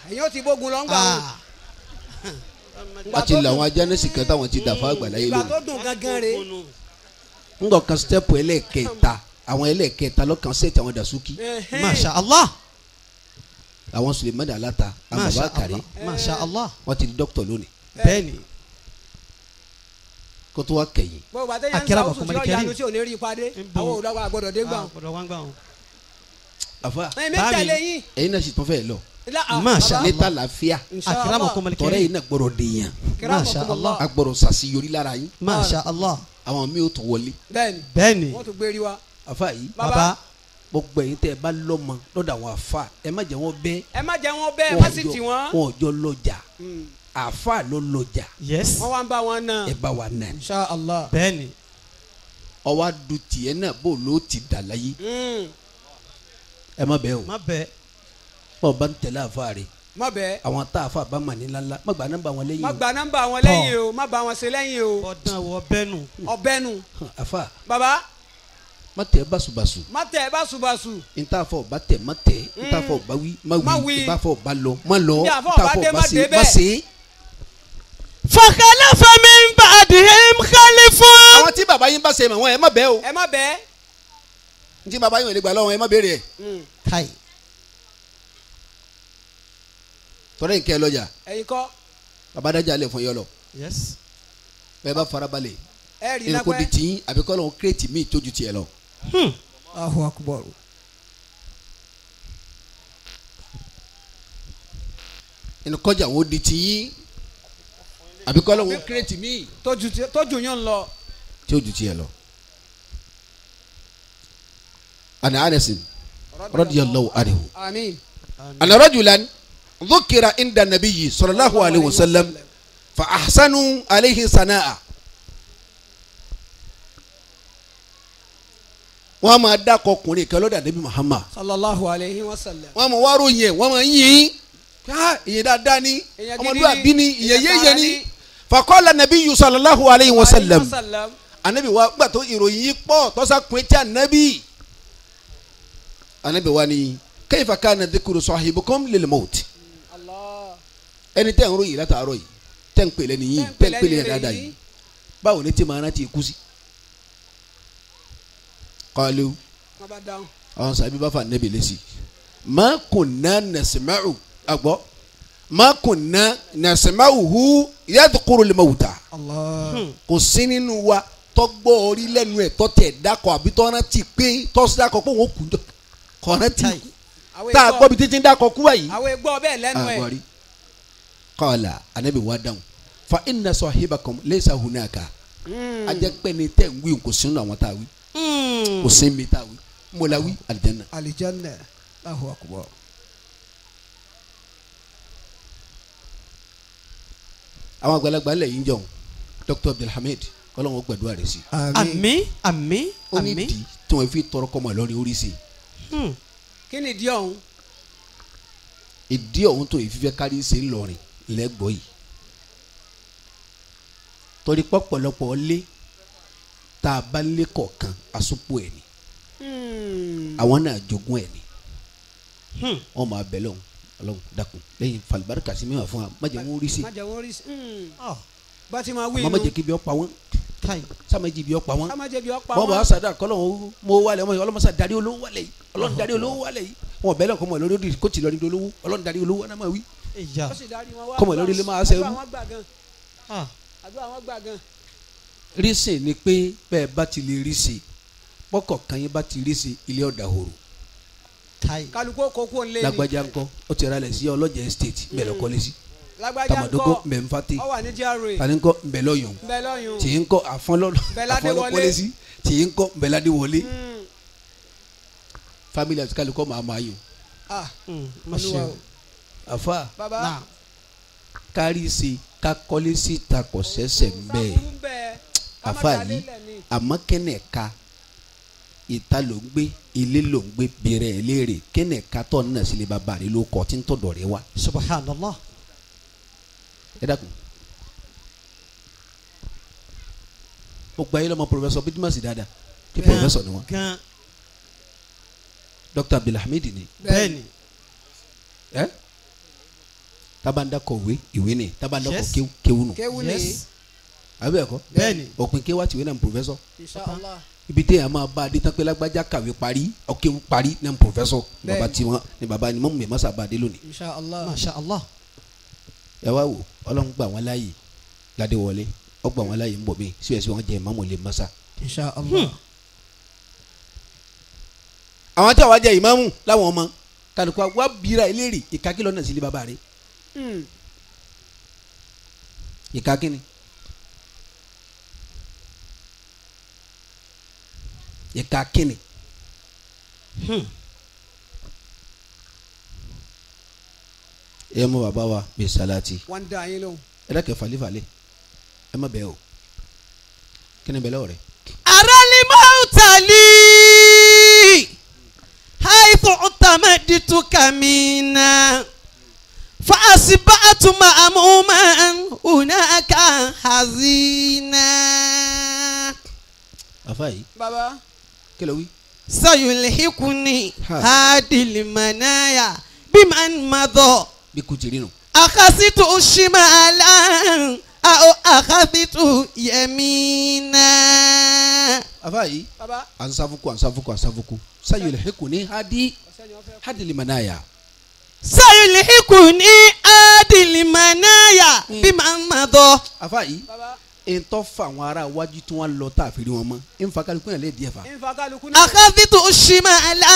[SPEAKER 1] èyí ó ti bógun lọ́ngbà òun. Ah. a ti làwọn
[SPEAKER 2] ajánẹ́sì kan táwọn ti dàfà hmm. àgbàlá yìí lónìí. ìgbà tó
[SPEAKER 1] dùn gangan re.
[SPEAKER 2] n kò kan stẹ́pù ẹlẹ́ẹ̀kẹta àwọn ẹlẹ́ẹ̀kẹta lọ́kàn sẹ́ẹ̀tì àwọn dasuki. masha allah. àwọn sulemani alata àwọn baba kari. masha allah. wọ́n ti di dókítà lónìí. bẹ́ẹ̀ni kó tó wá kẹ̀yìn. akẹ́rẹ́ àbàkọ́ mọ́ni kẹ́rin. àwọn olùdókòwò àgbọ̀dọ̀ dé gbà ah, wọn. àfa táàmì ẹ̀yin náà sì tún fẹ́ lọ masha ne ta lafiya akirama kọmalikẹ tọrọ in na gbọ́dọ̀ de yan masha allah a gbọ́dọ̀ sasi yori lara yin masha allah àwọn mi y'o tó wọlé. bẹ́ẹ̀ni bẹ́ẹ̀ni wọn tún gbéri wa. afa yi baba gbogbo yín tẹ́ ẹ bá lọ́mọ lọ́dọ̀ àwọn afa ẹ má jẹ́ wọn bẹ́ẹ̀. ẹ má jẹ́ wọn bẹ́ẹ̀ ẹ má sì tì wọn. wọn jọ lọ́jà hmm àáfà ló lọjà. yes wọ́n wá ń bá wọn náà. ẹ bá wa náà. insha allah. bẹ́ẹ̀ni. ọwọ́ adu tiẹ̀ náà bó ló ti dà láyé. Hmm. ẹ má bẹ́ẹ̀ o. má bẹ́ẹ̀. bọ́ọ̀ bá ń tẹ̀lé àáfà rẹ̀. má bẹ́ẹ̀. àwọn tá àáfà bá mà ní lánlá má gba nọ́mbà wọn lẹ́yìn o. má gba nọ́mbà wọn lẹ́yìn o má bá wọn ṣe lẹ́yìn o. ọ̀dàn wọ bẹ́nu. ọ̀bẹ́nu. àfà. baba má tẹ basubasu. má tẹ basubasu. n t'a fọ ba tẹ má tẹ n t'a fọ ba wi ma wi n t'a fọ ba lọ ma lọ n t'a fọ ba se ma se. Fakala mi ń bá àdìhẹ́m kálí fún. àwọn tí bàbá yín bá ṣe mọ̀ wọ́n ẹ má bẹ́ẹ̀ o. ẹ má bẹ́ẹ̀. n tí bàbá yín ò lè gbà lọ́wọ́ ẹ má béèrè ẹ̀. Mm. káyì. tọ́lá yìí kẹ́ ẹ lọ́jà. ẹ̀yin kọ́. bàbá dájà lè fún yọ lọ. yes. bẹ́ẹ̀ bá farabalẹ̀. ẹ rí i lápẹ́. ìrìnkò di tiyín àbí kọ́ lóun kírètì míì tó tiẹ̀ lọ. Hmm. ahu akubaru. ìrìnkọjà wo di tiyín àbí kọ́ lóun kírètì míì. tójú yàn lọ. tí ó ju tiẹ̀ lọ. ana anasin radiyallahu anhu. àmín. ana rajulan dhukira inda nabiyyi sallallahu alayhi wa sallam fa ahsanu alayhi sana'a. wọ́n máa dákọ̀ ọkùnrin kan lọ́dọ̀ àdébí Muhammad. sallallahu alayhi wa sallam. wọ́n máa wárò yẹn wọ́n máa yín yín. ìyẹn dáadáa ni ọmọdúnrún àbí ni ìyẹn yéye ni fakọ́lá nàbí yu sallallahu alayhi wa sallam anabi wa gbà tó ìròyìn yìí pọ̀ tọ́sà pin tí anabi anabi wa ni kayfa kana dhikru sahibukum lil maut ẹni tẹ́ ń ròyìn látàárọ̀ yìí tẹ́ ń pèlè nìyí tẹ́ ń pèlè yẹn dáadáa yìí báwo ni tí màá rántí kú sí. qalu àwọn sábẹ́ bá fa anabi lẹ́sìn ma kunna nasma'u àgbọ̀ ma kunna nasma'uhu yadhkuru al-mawta. Hmm. kò sí nínú wa tọgbọ́ orí lẹ́nu ẹ̀ tọ́tẹ̀ dákọ̀ àbí tọ́rántì pé tọ́sí dákọ̀ pé òun kù jọ kọ́rántì tá a gbọ́ bi títí dákọ̀ kú wáyé. àwọn egbọ́ bẹ́ẹ̀ lẹ́nu ẹ̀. qala anabi wa dáhùn fa inna sahibakum laysa hunaka
[SPEAKER 1] hmm. ajẹ́pẹ́
[SPEAKER 2] ni tẹ̀ ń wí kò sínú àwọn tá a wí
[SPEAKER 1] hmm. kò sí mi tá a wí mo la wí
[SPEAKER 2] alijanna. alijanna Allahu akbar. àwọn àgbàlagbà lẹ̀ yín jọ̀hún Dr. Abdulhamid ọlọ́run gbàdúrà rẹ̀ sí. àmín àmín àmín. ó ní di tí wọ́n fi tọrọ kọ́mọ lọ́rin orí sí. Hmm. kí ni ìdí ọ̀hún. ìdí ọ̀hún tó ìfífẹ́ kárí ṣe ń lọrin lẹ́gbọ̀ọ́ yìí. torí pọ̀pọ̀lọpọ̀ lé tá a bá lé kọ̀ọ̀kan àsopọ̀ ẹ̀ ni.
[SPEAKER 1] Hmm.
[SPEAKER 2] àwọn náà jogún ẹ̀ ni. Hmm. wọ́n máa bẹ̀ lọ́hùn ọlọ́run dákun lẹ́yìn falibarika sí mẹ́wàá fún wa má jẹ́ wọ́n rí sí. má jẹ́ wọ́n rí sí hmm. ah, bá ti máa wí inú. àmọ́ má jẹ́ kí ibi ọ̀pá wọn sàmájì ibi ọ̀pá wọn bọ́ọ̀bù asada kọ́lọ́hún mo wálé ọmọ ọlọ́mọsá darí olówó wálé yìí ọlọ́run darí olówó wálé yìí wọn bẹ́ẹ̀ lọ́kọ́ mọ̀ lórí òdì kó ti lọ́ọ́ nídìí olówó ọlọ́run darí olówó náà máa wí. kọ́mọ̀ lórí lè máa sẹ́rú. rísè ni pé bẹ́ẹ̀ bá ti lè rísè bọ́kọ̀ kan yín bá ti rísè ilé ọ̀dà horo kálukú kó kó nílé ni. lágbájá ńkọ́ ó ti ralẹ̀ sí ọlọ́jà estate bẹ̀rẹ̀ kọ́lé sí tamadoko mbẹnfate taninkọ mbẹlọyun tiyinkọ afọlọkọlẹsi tiyinkọ mbẹladiwọlé family àti kálukọ maa maa
[SPEAKER 1] ah, hmm, yun.
[SPEAKER 2] àfa kárí se kakọ́lé sí takọ̀sẹ́sẹ̀ bẹ́ẹ̀ àfa yìí àmọ́kẹ́nẹ̀ka ìta ló ń gbé ilé ló ń gbé bèrè ẹ léèrè kéne katọ́ nínú sílé bàbá rẹ ló kọ́ tí ń tọ̀dọ̀ rẹ wá. subhanallah. ẹ dákun. mo gba yín lọ́mọ pòfẹ́sọ̀ bídímọ̀sì dáadáa kí pòfẹ́sọ̀ ni wọ́n. dr abdulhamid ni. bẹ́ẹ̀ni. ẹ tabandakọ ìwé ìwé ni tabandakọ kéwù nù. kéwù ni. àbí ẹ̀kọ́. bẹ́ẹ̀ni. òpin kéwà tìwé náà pòfẹ́sọ̀. inshallah ibi tẹ́ ẹ̀ máa bá adé tán pé lágbájá kàwé parí ọ̀kẹ́ parí ní pòfẹ́sọ̀ bàbá tiwọn ni bàbá ni mọ́mú mi má sábà dé lónìí. inshallah mashallah. ẹ wá wò ọlọ́run gbà wọ́n láàyè ládé wọlé ọ gbà wọ́n láàyè ń bọ̀ mí síbẹ̀síbẹ̀ wọ́n jẹ́ ìmáàmù lè mọ́sà. inshallah. Hmm. àwọn tí àwọn jẹ ìmáàmù láwọn ọmọ kálukú wa bira eléèrè ìkákí lọ́nà sílé bàbá rẹ̀ hmm. ìkákí ni ìka kínni hmm. ẹ mọ bàbá wa bí salati wọn dá yín lóhùn ẹ dẹ́kẹ̀ falifalẹ̀ ẹ má bẹ̀ o kí ni bẹ̀ lọ́wọ́ rẹ̀.
[SPEAKER 1] aralimọ́tàlì haifu utamaditu kamina fa'asibatu una hunaka hazina. afa yi. baba kí ló wí. sayulhikuni hadil manaya biman madọ. bí kùtì rínu. akasitu shimalan ao akasitu yemina.
[SPEAKER 2] afa yi ansafuku ansafuku ansafuku sayulhikuni hadi hadil manaya sayulhikuni hadil manaya hmm. biman madọ. afa yi ntọ́ fa àwọn ará iwájú tí wọ́n lọ tá a feere wọn mọ́ nfakaluku yẹn lè di ẹ̀ fa. àkàbìtò ṣìmọ̀ àlà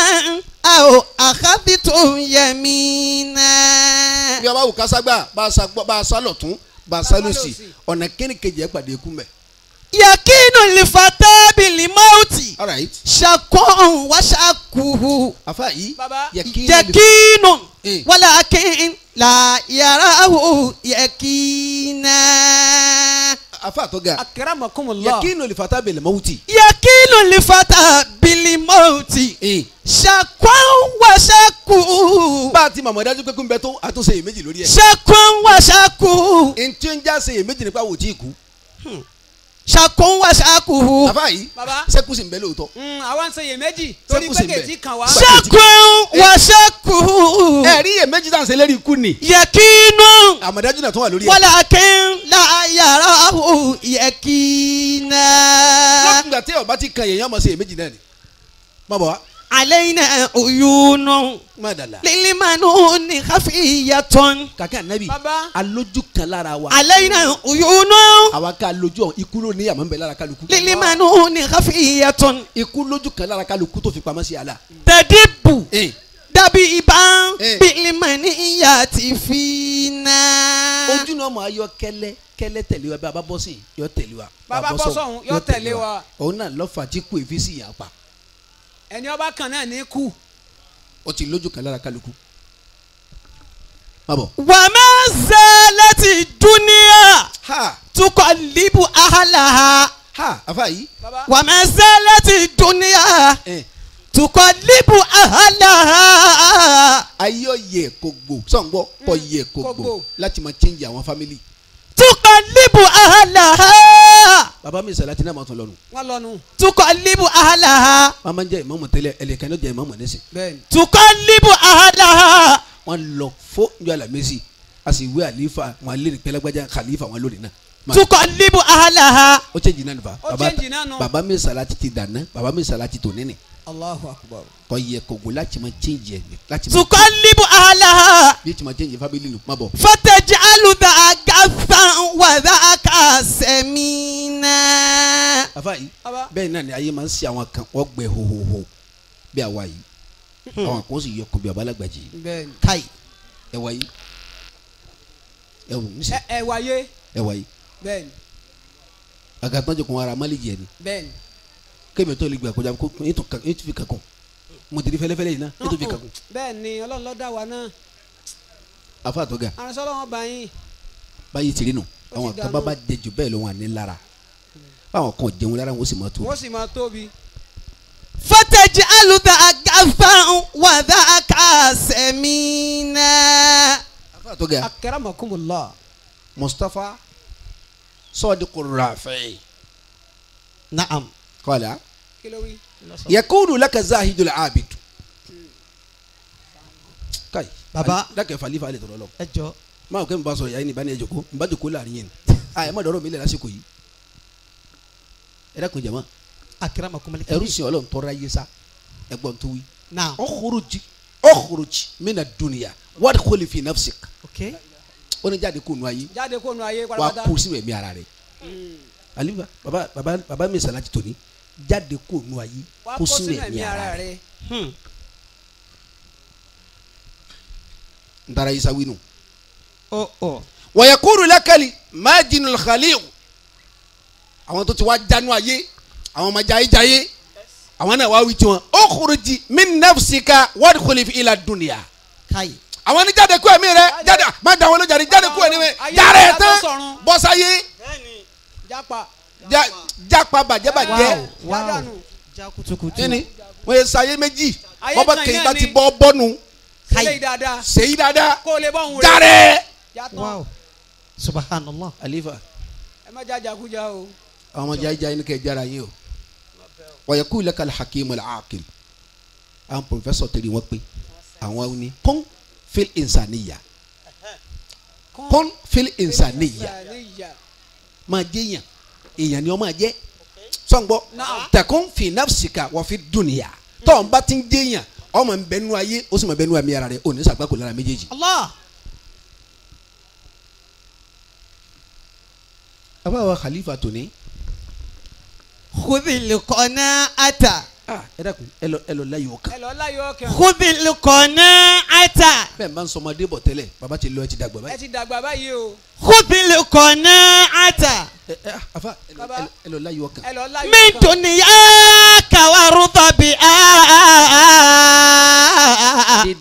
[SPEAKER 2] àwọ̀ àkàbìtò yẹmínà. bí a bá wù káságbà bá a sá lọ̀tún bá a sá lòsì ọ̀nà kéńkéjì ẹ̀ pàdé ikú yakinu lifata
[SPEAKER 1] bili mauti. ṣàkóhùn wa ṣàkùhù. àfa yìí yakinu wàlàkín la yàrá wò yakina afa tó ga. akaramakumullah. yakinu lifata bil mauti. yakinu lifata bil mauti. ṣàkóhùn eh. wa
[SPEAKER 2] ṣàkù. bá a ti màmá dájú pé kí n bẹ tó a tó ṣe èméjì lórí ẹ. ṣàkóhùn wa ṣàkù. ntí ń nípa wò tí ì kú. Hmm sakun wa Baba. bàbá yìí sẹ́kùn sì ń bẹ lóòótọ́. Mm, àwa ń ṣe iyèméjì torí pẹ́kẹ̀tì kan wá. sẹ́kùn wa eh, sakuhu. ẹ rí iyèméjì tá à ń ṣe lérí ikú ni. yẹkínú. àmọ̀dájú náà tún wà lórí ẹ.
[SPEAKER 1] walakin la yarahu yẹkínà. lọ́kùnrin àti ọ̀bá ti kan èèyàn mọ̀ ṣe iyèméjì náà ni. má bọ̀ wá. علينا عيون
[SPEAKER 2] للمنون خفية kàkẹ́ ànábì alójú kan lára wa. علينا عيون. àwa ká lójú ọ̀hún ikú ló ní àmọ́ ń bẹ lára kálukú. للمنون خفية. ikú lójú kan lára kálukú tó fi pamọ́ sí àlà. tẹ̀díbù eh. dàbí ibà eh. bílímọ̀nì ìyá ti fi náà. ojú náà mọ̀ ayọ̀ kẹlẹ́ kẹlẹ́ tẹ̀lé wa bàbá bọ́sìn yọ tẹ̀lé wa. bàbá bọ́sọ̀hún yọ tẹ̀lé wa. òun náà lọ́fà tí kò èéfì sí ìyá pa ẹni ọba kan náà ní kú. ó ti lójú kan
[SPEAKER 1] lára kálukú. wà á máa ṣe láti dúníà tukọ̀ líbu ahàlà. wà á máa ṣe láti dúníà tukọ̀ líbu ahàlà.
[SPEAKER 2] ayé ọ̀yẹ̀ kò gbò sọ̀ǹgbọ́ kọ̀ yẹ̀ kò hmm. gbò láti máa change àwọn family.
[SPEAKER 1] Tukalibu libu ahalaha.
[SPEAKER 2] baba mi sàlátì náà ma tún lọ́nu.
[SPEAKER 1] wọ́n lọ́nu. tukọ̀ libu ahalaha.
[SPEAKER 2] wọ́n máa ń jẹ́ ìmọ̀mù tẹ́lẹ̀ ẹ̀lẹ́kẹ́ ní ó jẹ́ ìmọ̀mù ní sè. bẹ́ẹ̀ni. tukọ̀ libu ahalaha. wọ́n lọ fó njọ́ àlàmẹ́sì wọn lé ní pẹ́lẹ́gbẹ́jà kàlífà wọn lónìí náà tukọ ahalaha. o cɛ jina nin fa baba baba mi salati ti dana baba mi salati to nini. Allahu akbar. kò yẹ kogo láti ma tiɲɛ jɛ.
[SPEAKER 1] tukọ libu ahalaha.
[SPEAKER 2] bí tí tiɲɛ
[SPEAKER 1] alùdà gàfà wàdà kàsẹ̀mínà. àfa yìí bẹ́ẹ̀ náà
[SPEAKER 2] ni ayé máa ń ṣe àwọn kan ọgbẹ́ hohoho bí àwa yìí hmm. àwọn kan sì yọkùn bí abalagbaji káì ẹwà yìí ẹwù ń sè. ẹwà yé. ẹwà yìí. bẹ́ẹ̀ni. àgàtàn jẹ kún ara mali jẹ ni. bẹ́ẹ̀ni. kémi tó lè gbà kọjá kó ètò fi kankan mọ̀tẹ́rì fẹ́lẹ́fẹ́lẹ́ yìí náà ètò fi kankan. bẹ́ẹ̀ni Ọlọ́run ló wa náà afa tó ga. àrùnsọ́ lọ́wọ́ bá yín. báyìí tìrì nù àwọn kan bá bá jẹjù bẹ́ẹ̀ ló wà ní lára báwọn kan jẹun lára wọn sì máa tóbi. wọ́n sì
[SPEAKER 1] máa tóbi. fọ́tẹ̀jì alùdà àgàfà wàdà àkàsẹ̀mínà. afa tó ga. akaramakumullah.
[SPEAKER 2] Mustafa sọ́ọ̀dìkù rafi. naam. kọ́lá. kí ló wí. yakunu laka abid baba dákẹ́ fali fa ale tọrọ lọ. ẹ jọ. máa kẹ́ mi bá sọ̀rọ̀ yàrá ìbáni ẹ jòkó n bá jòkó láàrin yẹn ni <laughs> ẹ má mi lẹ̀ lásìkò yìí ẹ dákun jẹ̀ mọ́.
[SPEAKER 1] akira ma kumali kiri. ẹrú sìn
[SPEAKER 2] ọlọ́run tọrọ ayé sa ẹ gbọ́n tó wí.
[SPEAKER 1] na ọkùrùjì ọkùrùjì
[SPEAKER 2] mina dunuya wàá kọ́lé fi nafsik. ok ó ní jáde kóònù ayé. jáde kóònù ayé kọ́lá wàá kó sínú ẹ̀mí ara rẹ̀. Hmm. aliba baba baba baba mi sàlájì toni. jáde kóònù ayé kó sínú ẹ̀mí ara
[SPEAKER 1] rẹ̀. Hmm.
[SPEAKER 2] n taara isa winu. ọ ọ. wọ̀nyẹ kúrú lẹ́kẹ̀lì máa jìnnà lọ́kàlẹ́ o àwọn tó ti wá jánu ayé àwọn ọmọ jayé jayé àwọn náà wá wí tiwọn. ó kúrú di min nafsika wọ́n kò lè fi ilà dunya. káyì. àwọn ní jáde kú ẹ̀mí rẹ jáde má da wọn ló jáde jáde kú ẹ̀mí rẹ jáde tán bọ́sá yé. japa bàjẹ́ bàjẹ́. ni wọ́n yẹ sáyé méjì bọ́bá kẹ́yìn bá ti bọ́ bọ́nu seyi dada seyi dada darẹ wow
[SPEAKER 1] subhanallah
[SPEAKER 2] alifa. ẹ má jaja kuja o. àwọn ọmọ jaja yín kẹ jara yín o wàyẹ̀kú lẹ́kàlẹ́ hakim al-akil àwọn pòfẹ́sọ̀ tẹ̀lé wọn pé àwọn ni kún fil insaniya kún fil insaniya máa jẹ́ yàn èèyàn ni ọ máa jẹ́ sọ̀ngbọ́ tẹ̀kún fi nafsika wọ́n fi dunya tọ́ọ̀ bá ti ń jẹ́ yàn ọmọ nbẹnu ayé ó sì mọ bẹnu àmì ara rẹ òní sàgbákò lára méjèèjì. Allah. àbá wa khalifa tòní. khubil qanaata. Ah, ẹ dákun ẹ lọ ẹ lọ láyò kan. ẹ lọ láyò kan. khubil qanaata. bẹ́ẹ̀ máa ń sọ ọmọdé bọ̀ tẹ́lẹ̀ bàbá ti lọ ẹ ti dàgbà báyìí. ẹ ti dàgbà báyìí o. khubil
[SPEAKER 1] qanaata.
[SPEAKER 2] Eh, eh, ah, àfa ẹ lọ láyò kan. ẹ lọ
[SPEAKER 1] láyò kan. mi tòníyà kàwárù tàbí àà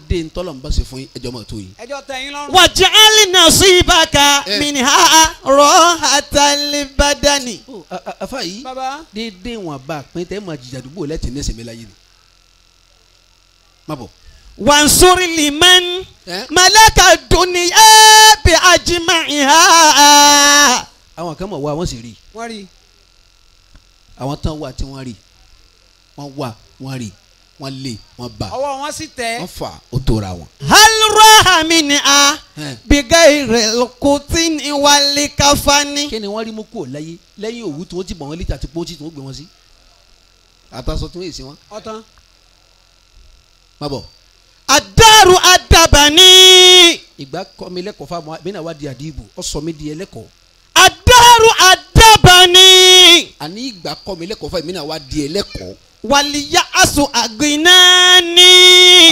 [SPEAKER 1] déédéé
[SPEAKER 2] ntọ́lọ̀ ń bá ṣe fún yín ẹjọ́ máa tó yín. ẹjọ́ tẹ́ yín lọ́rùn. wàjà ali náà sí ibaka eh. minha rọ atalibadani. Oh, afa yìí déédéé wọn bá pín tẹ́ máa jìjà àdúgbò lẹ́tì ní mi láyé ni. má bọ̀.
[SPEAKER 1] wansori liman eh? malaka duniya bi ajima iha.
[SPEAKER 2] àwọn kan mọ̀ wá wọ́n sì rí i. wọ́n rí i. àwọn tán wà tí wọ́n rí wọ́n wà wọ́n rí wọ́n lé wọ́n bá. ọwọ́ wọn sì tẹ. wọ́n fà ó tóra wọn. alrahami ni a bìgá ìrẹ̀ kò tí ni wálé káfá ní. kí ni wọ́n rí mú kúrò láyé lẹ́yìn òwú tí wọ́n ti bọ̀ wọ́n lítà tí pọ́ńtì tí wọ́n gbé wọn sí. àtàsọ tún èsì wọn. ọtán. má bọ̀. adaru adabani. ìgbà kọ́ mi lẹ́kọ̀ọ́ fáwọn mi náà wá di àdìbò ọ sọ mi di ẹlẹ́kọ̀ọ́. adaru adabani. àní ìgbà kọ́ mi lẹ́kọ̀ọ́ fáwọn mi náà di ẹlẹ́kọ̀ọ́ wàlíyá aṣọ àgbìnání.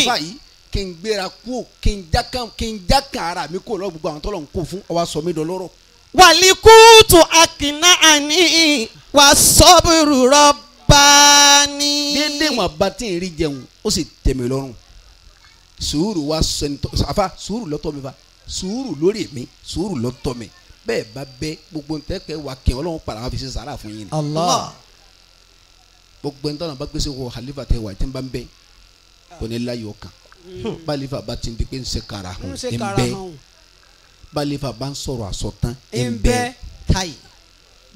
[SPEAKER 2] àbá yìí kí n gbéra kú kí n jákàn kí n jákàn ara mi kó lọ gbogbo àwọn tọ́lọ̀ ń kó fún ọwọ́ sọ mi dọ̀lọ́rọ̀.
[SPEAKER 1] wàlíkùtù àkìnná àní wà sọ́bìrù rọ́bà
[SPEAKER 2] ni. dédé wọn bá tí ń rí jẹun ó sì tẹ̀mí lọ́rùn sùúrù wa sẹ́nitọ́ àfa sùúrù lọ́tọ́ mi fa sùúrù lórí mi sùúrù lọ́tọ́ mi bẹ́ẹ̀ bá bẹ́ gbogbo ntẹ́kẹ́ wa kẹ́ ọlọ́run padà wá fi ṣe sàrà fún yín Allah. Allah gbogbo ẹni tọ́nà bá gbèsè wọ halifa tẹ wà tí n bá ń bẹ kò ní láyọ̀ hmm. kan balifa bá ti di pé n ṣe kara hàn n bẹ balifa bá ń sọ̀rọ̀ àsọtán n bẹ tayi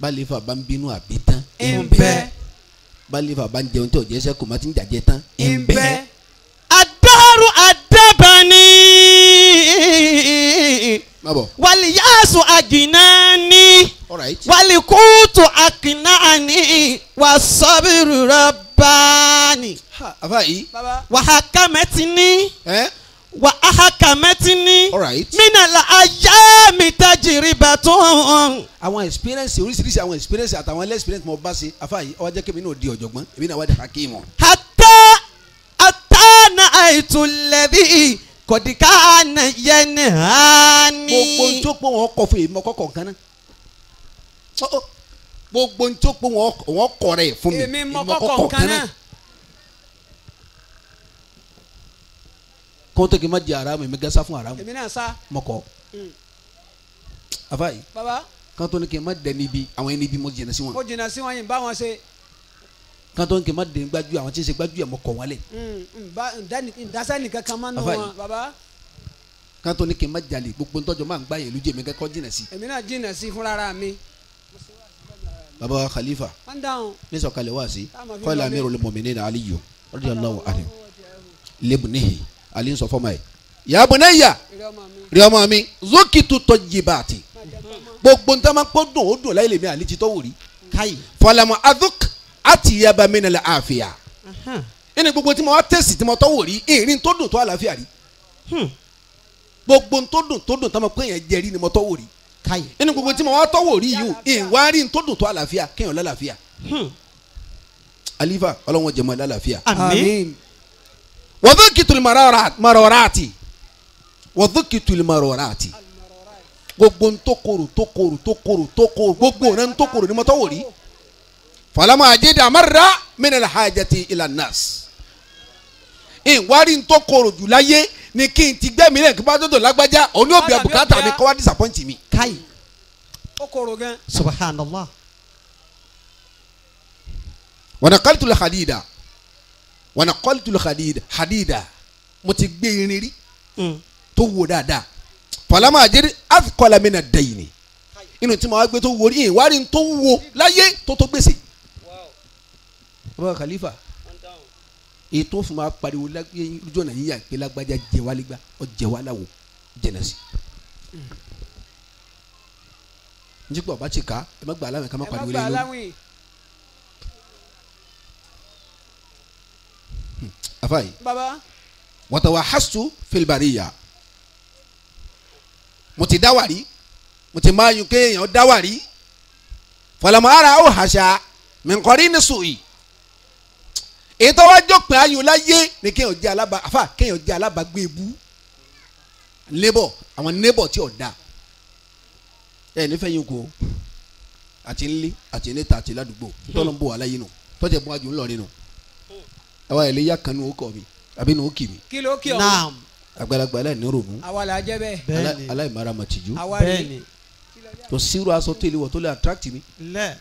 [SPEAKER 2] balifa bá ń bínú àbí tán n bẹ balifa bá ń jẹun tí ò jẹ́ má ti ń jàjẹ́ tán n bẹ.
[SPEAKER 1] adáru
[SPEAKER 2] adábani
[SPEAKER 1] wàlíyàsó àjìnnà ni wàlí kúùtù akínnáàní wà sọ́bìrì rọ́bàánì. wà á ká mẹ́tì ní. wà á ká mẹ́tì ní. mínà la ajá mi tajiri bàtún.
[SPEAKER 2] àwọn experience oríṣiríṣi àwọn experience àtàwọn ẹlẹ́ experience mọ̀ bá ṣe àfàyè ọwọ́ jẹ́ kébì náà di ọ̀jọ̀gbọ́n èmi náà wà dàgbà kí n mọ̀.
[SPEAKER 1] àtà àtà náà àìtúlẹ̀bí kọ̀díkà náà yẹn ni hàn ní. gbogbo tó pọ̀ wọn kọ fún èmi ọkọ̀ kọ̀ọ̀kan náà.
[SPEAKER 2] Oh, gbogbo ní tó pé wọ́n kọ̀ rẹ̀ fún mi èmi mọ kọ́kọ́ kan náà. kóńtò kì í má jẹ aramu èmi gẹ́sà fún aramu èmi náà sá mọ̀kọ́ afa yi baba kóńtò ni kì í má dẹ níbi àwọn ẹni bí mo jìnnà sí wọn. mo jìnnà sí wọn yìí bá wọn ṣe. kóńtò ni kì í má dẹ ní gbájú àwọn tí ń ṣe gbájú ẹ̀ hmm, mọ̀kọ́ wọn lẹ̀. ndasẹ́ nìkan kan máa ń nù wọn baba kóńtò ni kì í má jalè gbogbo ntọ́jọ́ máa ń gbá yẹn lójú èmi kẹ́kọ́ jìnnà sí. èmi náà jìnnà sí fúnra baba wa khalifa ní sọ̀kalẹ̀ wá sí kọ́lá amirul mu'minin aliyu radiyallahu anhu lebunihi ali ń sọ fọ́mọ ẹ̀ ya bunayya zokitu ọmọ mi zukitu tayyibati gbogbo ntama kó dùn ó dùn láyé lèmi àlejò tó wò rí aduk ati yaba minala àfíà ẹni gbogbo tí mo wá tẹ̀sí tí mo tọ́ wò rí ìrìn tó dùn tó àlàáfíà rí hmm. gbogbo tó dùn tó dùn tó ma pé ni mo tọ́ wò ká yìí. nínú gbogbo tí mo wá tọ́wò rí yìí o ìwárí tó dùn tó àlàáfíà kéèyàn lálàáfíà. alifa hmm. ọlọ́wọ́n jẹ́ mọ́ lálàáfíà. àmín. wọ́dọ̀ kìtùlù marorati wọ́dọ̀ kìtùlù marorati gbogbo ntokoro tokoro tokoro tokoro gbogbo ọ̀nà ntokoro ni mo tọ́wò rí. falama ajeda marra minal hajati ilan nas. ìwárí ntokoro jù láyé ni kí n ti gbẹ́mi lẹ́yìn kí n bá dọ̀dọ̀ lágbájá òun yóò bí àbùkátà mi kọ́ wá disappoint mi. káyì
[SPEAKER 1] ó kóró gan. subhanallah.
[SPEAKER 2] wọnà kọ́lítù lọ hadida wọnà kọ́lítù lọ hadida hadida mo ti gbé irin rí mm. tó wo dáadáa fàlámà àjẹrí àfikọ́lámẹ́nà dẹ́yìn ni inú tí mo wá gbé tó wo rí ìwárí tó wo láyé tó tó gbèsè. bàbá khalifa ètò fún wa pariwo lójú ọ̀nà yíyà pé lágbájá jẹ̀wálégbá ọ jẹ̀wáláwo jẹ̀nà sí. njẹ́ pé ọba ti ká ẹ má gba aláwìn ká má pariwo lé lórí. afaayi wàtàwà hasu filibariya mo ti dáwàrí mo ti máa yun kéèyàn dáwàrí fọlọmọ ara ó hàṣà mẹkọrí ni sùn yìí èyí tó wá jọpin ayò láyé ni kéèyàn jẹ alába àfà kéèyàn jẹ alábàgbé ebú neighbor àwọn neighbor tí ò da ẹ nífẹ̀ẹ́ yín kú àti nlé àti níta àti ládùúgbò tọ́nà ń bò wà láyé nù tọ́jà bó wájú ńlọrin nù ẹ wá ilé yá kan nù ó kọ mi àbí nù ó kì mí.
[SPEAKER 1] kí ló kí ọ naam.
[SPEAKER 2] àgbàlagbà aláìní ronú. àwa la jẹ bẹ́ẹ̀. bẹ́ẹ̀ni aláìmara mà tìjú. àwa rè tó sírò aṣọ tó ilé wọ tó lè attract mi. lẹ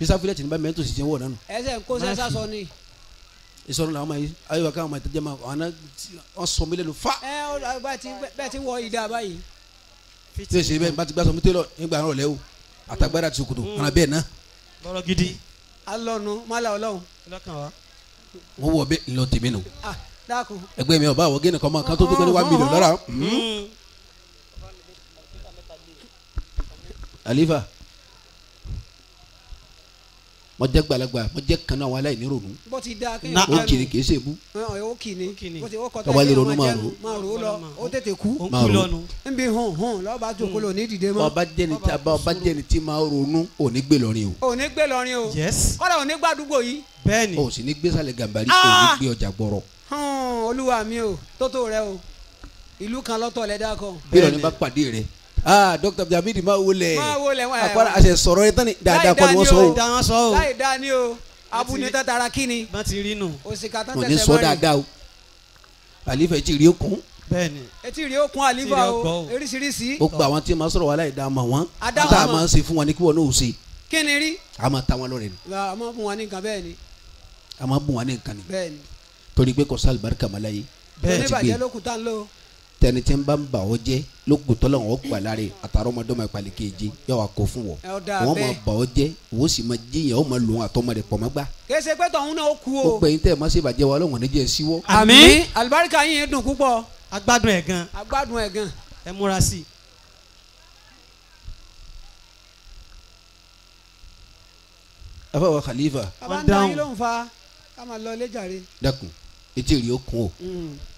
[SPEAKER 2] bisafilẹ tì ní bá mẹ́tò sì ti wọ̀ nánu. ẹsẹ̀ ń kó sẹ́sà sọ ni ìsọ̀rọ̀ làwọn máa ayé wa káwọn máa tẹ́jẹ́ máa ọ̀hánà wọ́n sọ mí lẹ́nu fa. ẹ ọ bá ti wọ ìdá báyìí. tí o ṣe bẹ́ẹ̀ bá ti gbà sọ mi tẹ́lọ̀ nígbà àárọ̀ lẹ́wọ̀ àtàgbàrà ti sòkòtò ọ̀nà mm. bẹ́ẹ̀ náà.
[SPEAKER 1] bọ́lọ̀ gidi. alọ́nu mọ́lá ọlọ́run.
[SPEAKER 2] wọ́n wọ bẹ́ẹ̀ lọ tèmi nù. Ah, ẹgbẹ́ mi ọba àwọn gẹ́nì kan máa kán tó tó gbẹ́ni wá mílíọ̀nù lọ́ra. Mm. Hmm. alifa mo jẹ́ gbàlagbà mo jẹ́ kanna àwọn aláìní ronú. bó ti da o kìnnì kìí ṣe bú.
[SPEAKER 1] o kìnnì bó ti o kọ tẹ́lẹ̀ wọlé ronú máa rò máa rò
[SPEAKER 2] lọ o hmm. ọba jẹni tí ọba jẹni tí máa ronú ò ní gbé lọrin o. ò ní gbé lọrin o. yes. kọ́dà ò ní gbàdúgbò yìí. o sì ní gbé sálẹ̀ o ní ah! gbé ọjà gbọ́rọ̀. Hmm, olúwa mi o tótó rẹ o ìlú kan lọ́tọ̀ lẹ́dá kan. bí ìrọ̀lẹ́ bá pàdé rẹ̀ aa ah, dókítà Jabir ma wo lẹ ma wo lẹ wọn yẹrẹ a a ṣe sọ̀rọ̀ yẹ tán ni dáadáa kọ́ ni wọ́n sọ o dáadáa
[SPEAKER 1] sọ o láì ni o abunita tara kini má ti rí nu òsìkàtà tẹsẹ̀ mọ́rin kò ní sọ dáadáa
[SPEAKER 2] o àlífà etí rí okun bẹ́ẹ̀ni
[SPEAKER 1] etí rí okun àlífà o eríṣiríṣi o gba àwọn
[SPEAKER 2] tí ma sọ̀rọ̀ wa láì dáa ma wọn a ta ma ṣe fún wa ni kí n'o ṣe kí ni a ma ta wọn lọ rẹ ni a ma bùn wa ní nǹkan bẹ́ẹ̀ a ma bùn wa ni bẹ́ẹ̀ ni torí pé kò sálì barika ma la ye bẹ́ẹ̀ ti gbé tẹni tí ń bá ń bà ọ jẹ ló kù tọ́lọ̀ wọn gbà lára àtàrà ọmọdé ọmọ ìpàlẹ̀ kejì yà wà kó fún wọn wọn máa bà ọ jẹ wọn sì máa jiyàn wọn máa lò wọn àtọmọ rẹ pọmọ gbà. kése pé tọ̀hún náà ó kú o. ó pè é tẹ́ ẹ má ṣe bàjẹ́ wa ọlọ́run níjẹ́ síwọ́. àmín
[SPEAKER 1] alibarika yìí dùn púpọ̀. agbádùn ẹ̀ gan. agbádùn ẹ̀ gan. ẹ múra sí i.
[SPEAKER 2] afa wa khalifa. a bá ń dá yín ló fa o kún mm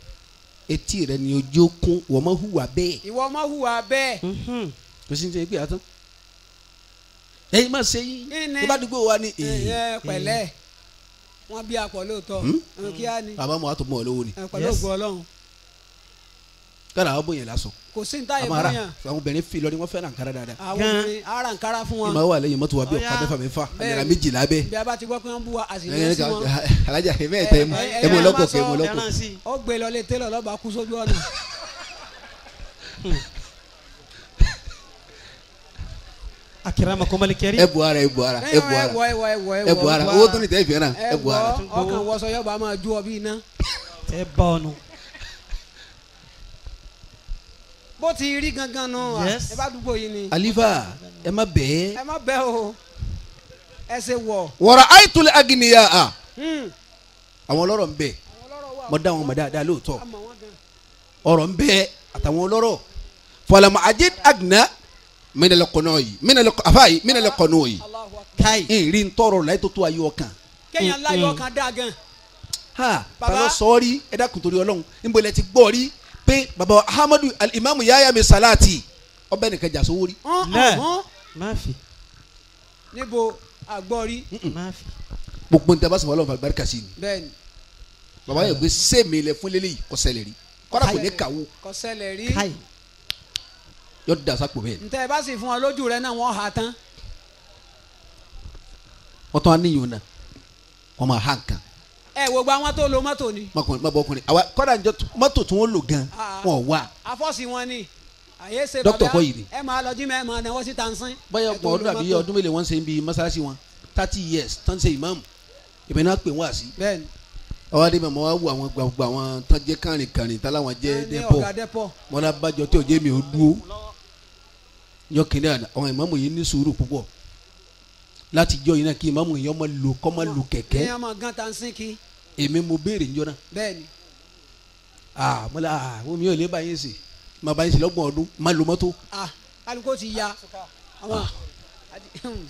[SPEAKER 2] etí rẹ ni ojú kún wọ́n mọ̀ hùwà bẹ́ẹ̀. ìwọ mọ̀ hùwà bẹ́ẹ̀. Mm-hmm. kò sí ní sẹ́yìn pé àtọ́. ẹyin máa ṣe yín tó bá dùgbò wa ni. ẹ pẹ̀lẹ́ wọn bí apọ̀ lóòótọ́ hmm? kí á ní. bàbá mo wà tó mọ̀ ọ́ ògùn ọlọ́run kára àwọn bóyá lásán. kò sí nta ìbọn yàn. àwọn obìnrin fi lọ́ni wọ́n fẹ́ràn ankara dáadáa. àwọn obìnrin ara ankara fún wọn. ìmọ̀ wà lẹ́yìn mọ́tò wa bí ọ̀pá mẹ́fà mẹ́fà àyàrá méjì lábẹ́. bí a bá ti gbọ́ pé wọ́n bú wa àṣìlẹ̀ sí wọn. alájà ẹ bẹ́ẹ̀ tẹ ẹ mọ lọ́kọ̀ kẹ mọ lọ́kọ̀. ó gbé lọ lé télọ̀ kú sójú ọ̀nà. <laughs>
[SPEAKER 1] akirama kọmali kẹri. ẹ buhara ẹ buhara ẹ buhara ẹ buhara owó tó ní tẹ fẹ́ràn ẹ buhara.
[SPEAKER 2] ọkàn wọsọ yọba máa ju ọbí iná. ẹ bá ọ nù. bó ti rí gangan nù ah, ẹ bá dúgbò yìí ni. alifa ẹ má bẹ́ẹ̀. ẹ má bẹ́ẹ̀ o ẹ ṣe wọ. wọ̀rọ̀ àìtúlẹ̀ agìnìyà a. Ah. Hmm. àwọn ọlọ́rọ̀ ń bẹ mo dá wọn mọ̀ dáadáa lóòótọ́ ọ̀rọ̀ ń bẹ àtàwọn ọlọ́rọ̀ fọlọ́mọ ajé àgìnà mínàlẹ̀ kọ̀nọ́ yìí mínàlẹ̀ àfáà yìí mínàlẹ̀ kọ̀nọ́ yìí káyì ìrì ń tọrọ láì tó tó ayé ọkàn. kéèyàn láyé ọkàn gan. ha ta ló sọ ọ rí ẹ dákun pé baba Ahmadu alimami yaya mi salati ọbẹ̀ nìkan jà sówó rí. lẹ́ẹ̀ má fi. níbo àgbọ̀rí. má fi. gbogbo nǹkan bá sọ̀rọ̀ ọlọ́run àgbàríkà sí ni. bẹ́ẹ̀ni. baba yóò gbé sẹ́mi lẹ fún lélẹ́yìí kọ́sẹ́lẹ̀ rí
[SPEAKER 1] kọ́dà kò ní kàwó.
[SPEAKER 2] kọ́sẹ́lẹ̀ rí. yọ da sápò bẹ́ẹ̀. ntẹ bá sì fún ọ lójú rẹ náà wọ́n hà tán. wọ́n tán á níyùn náà wọ́n máa hà nǹkan ẹ wo gba wọn tó lo mọ́tò ni. mọkùnrin mọbọkùnrin àwa kọ́dà níjọ mọ́tò tí wọ́n lò gan ah. wọn wà. afọ́sí wọn ni àyè ṣe bàbá ẹ máa lọ jí mẹ́ẹ̀ máa náwó sí tansin. báyọ̀ ọ̀pọ̀ ọdún àbí ọdún mélòó wọ́n ṣe ń bi mọ́sálásí wọn thirty years tán ṣe ìmáàmù ìbẹ̀ náà pè wọ́n àṣì. bẹ́ẹ̀ni. ọwọ́ adé mọ̀ wá wù àwọn gbàgbọ́ àwọn tán jẹ́ kàrìn kàrìn tá láwọn jẹ́ dẹ́pọ̀ mọ́lá bájọ tí ò jẹ́ mi ò láti jọ yìí náà kí ìmáàmù yẹn ọmọ lò kọ́ mọ́ lò kẹ̀kẹ́. ìyá máa gan ta ń sìn kí. èmi mo béèrè ń jọ́nà. bẹ́ẹ̀ni. aa mo la aa mi ò lè bá yín sè má bá yín sè lọ́gbọ̀n ọdún má lo mọ́tò. a aluko ti ya. Hmm.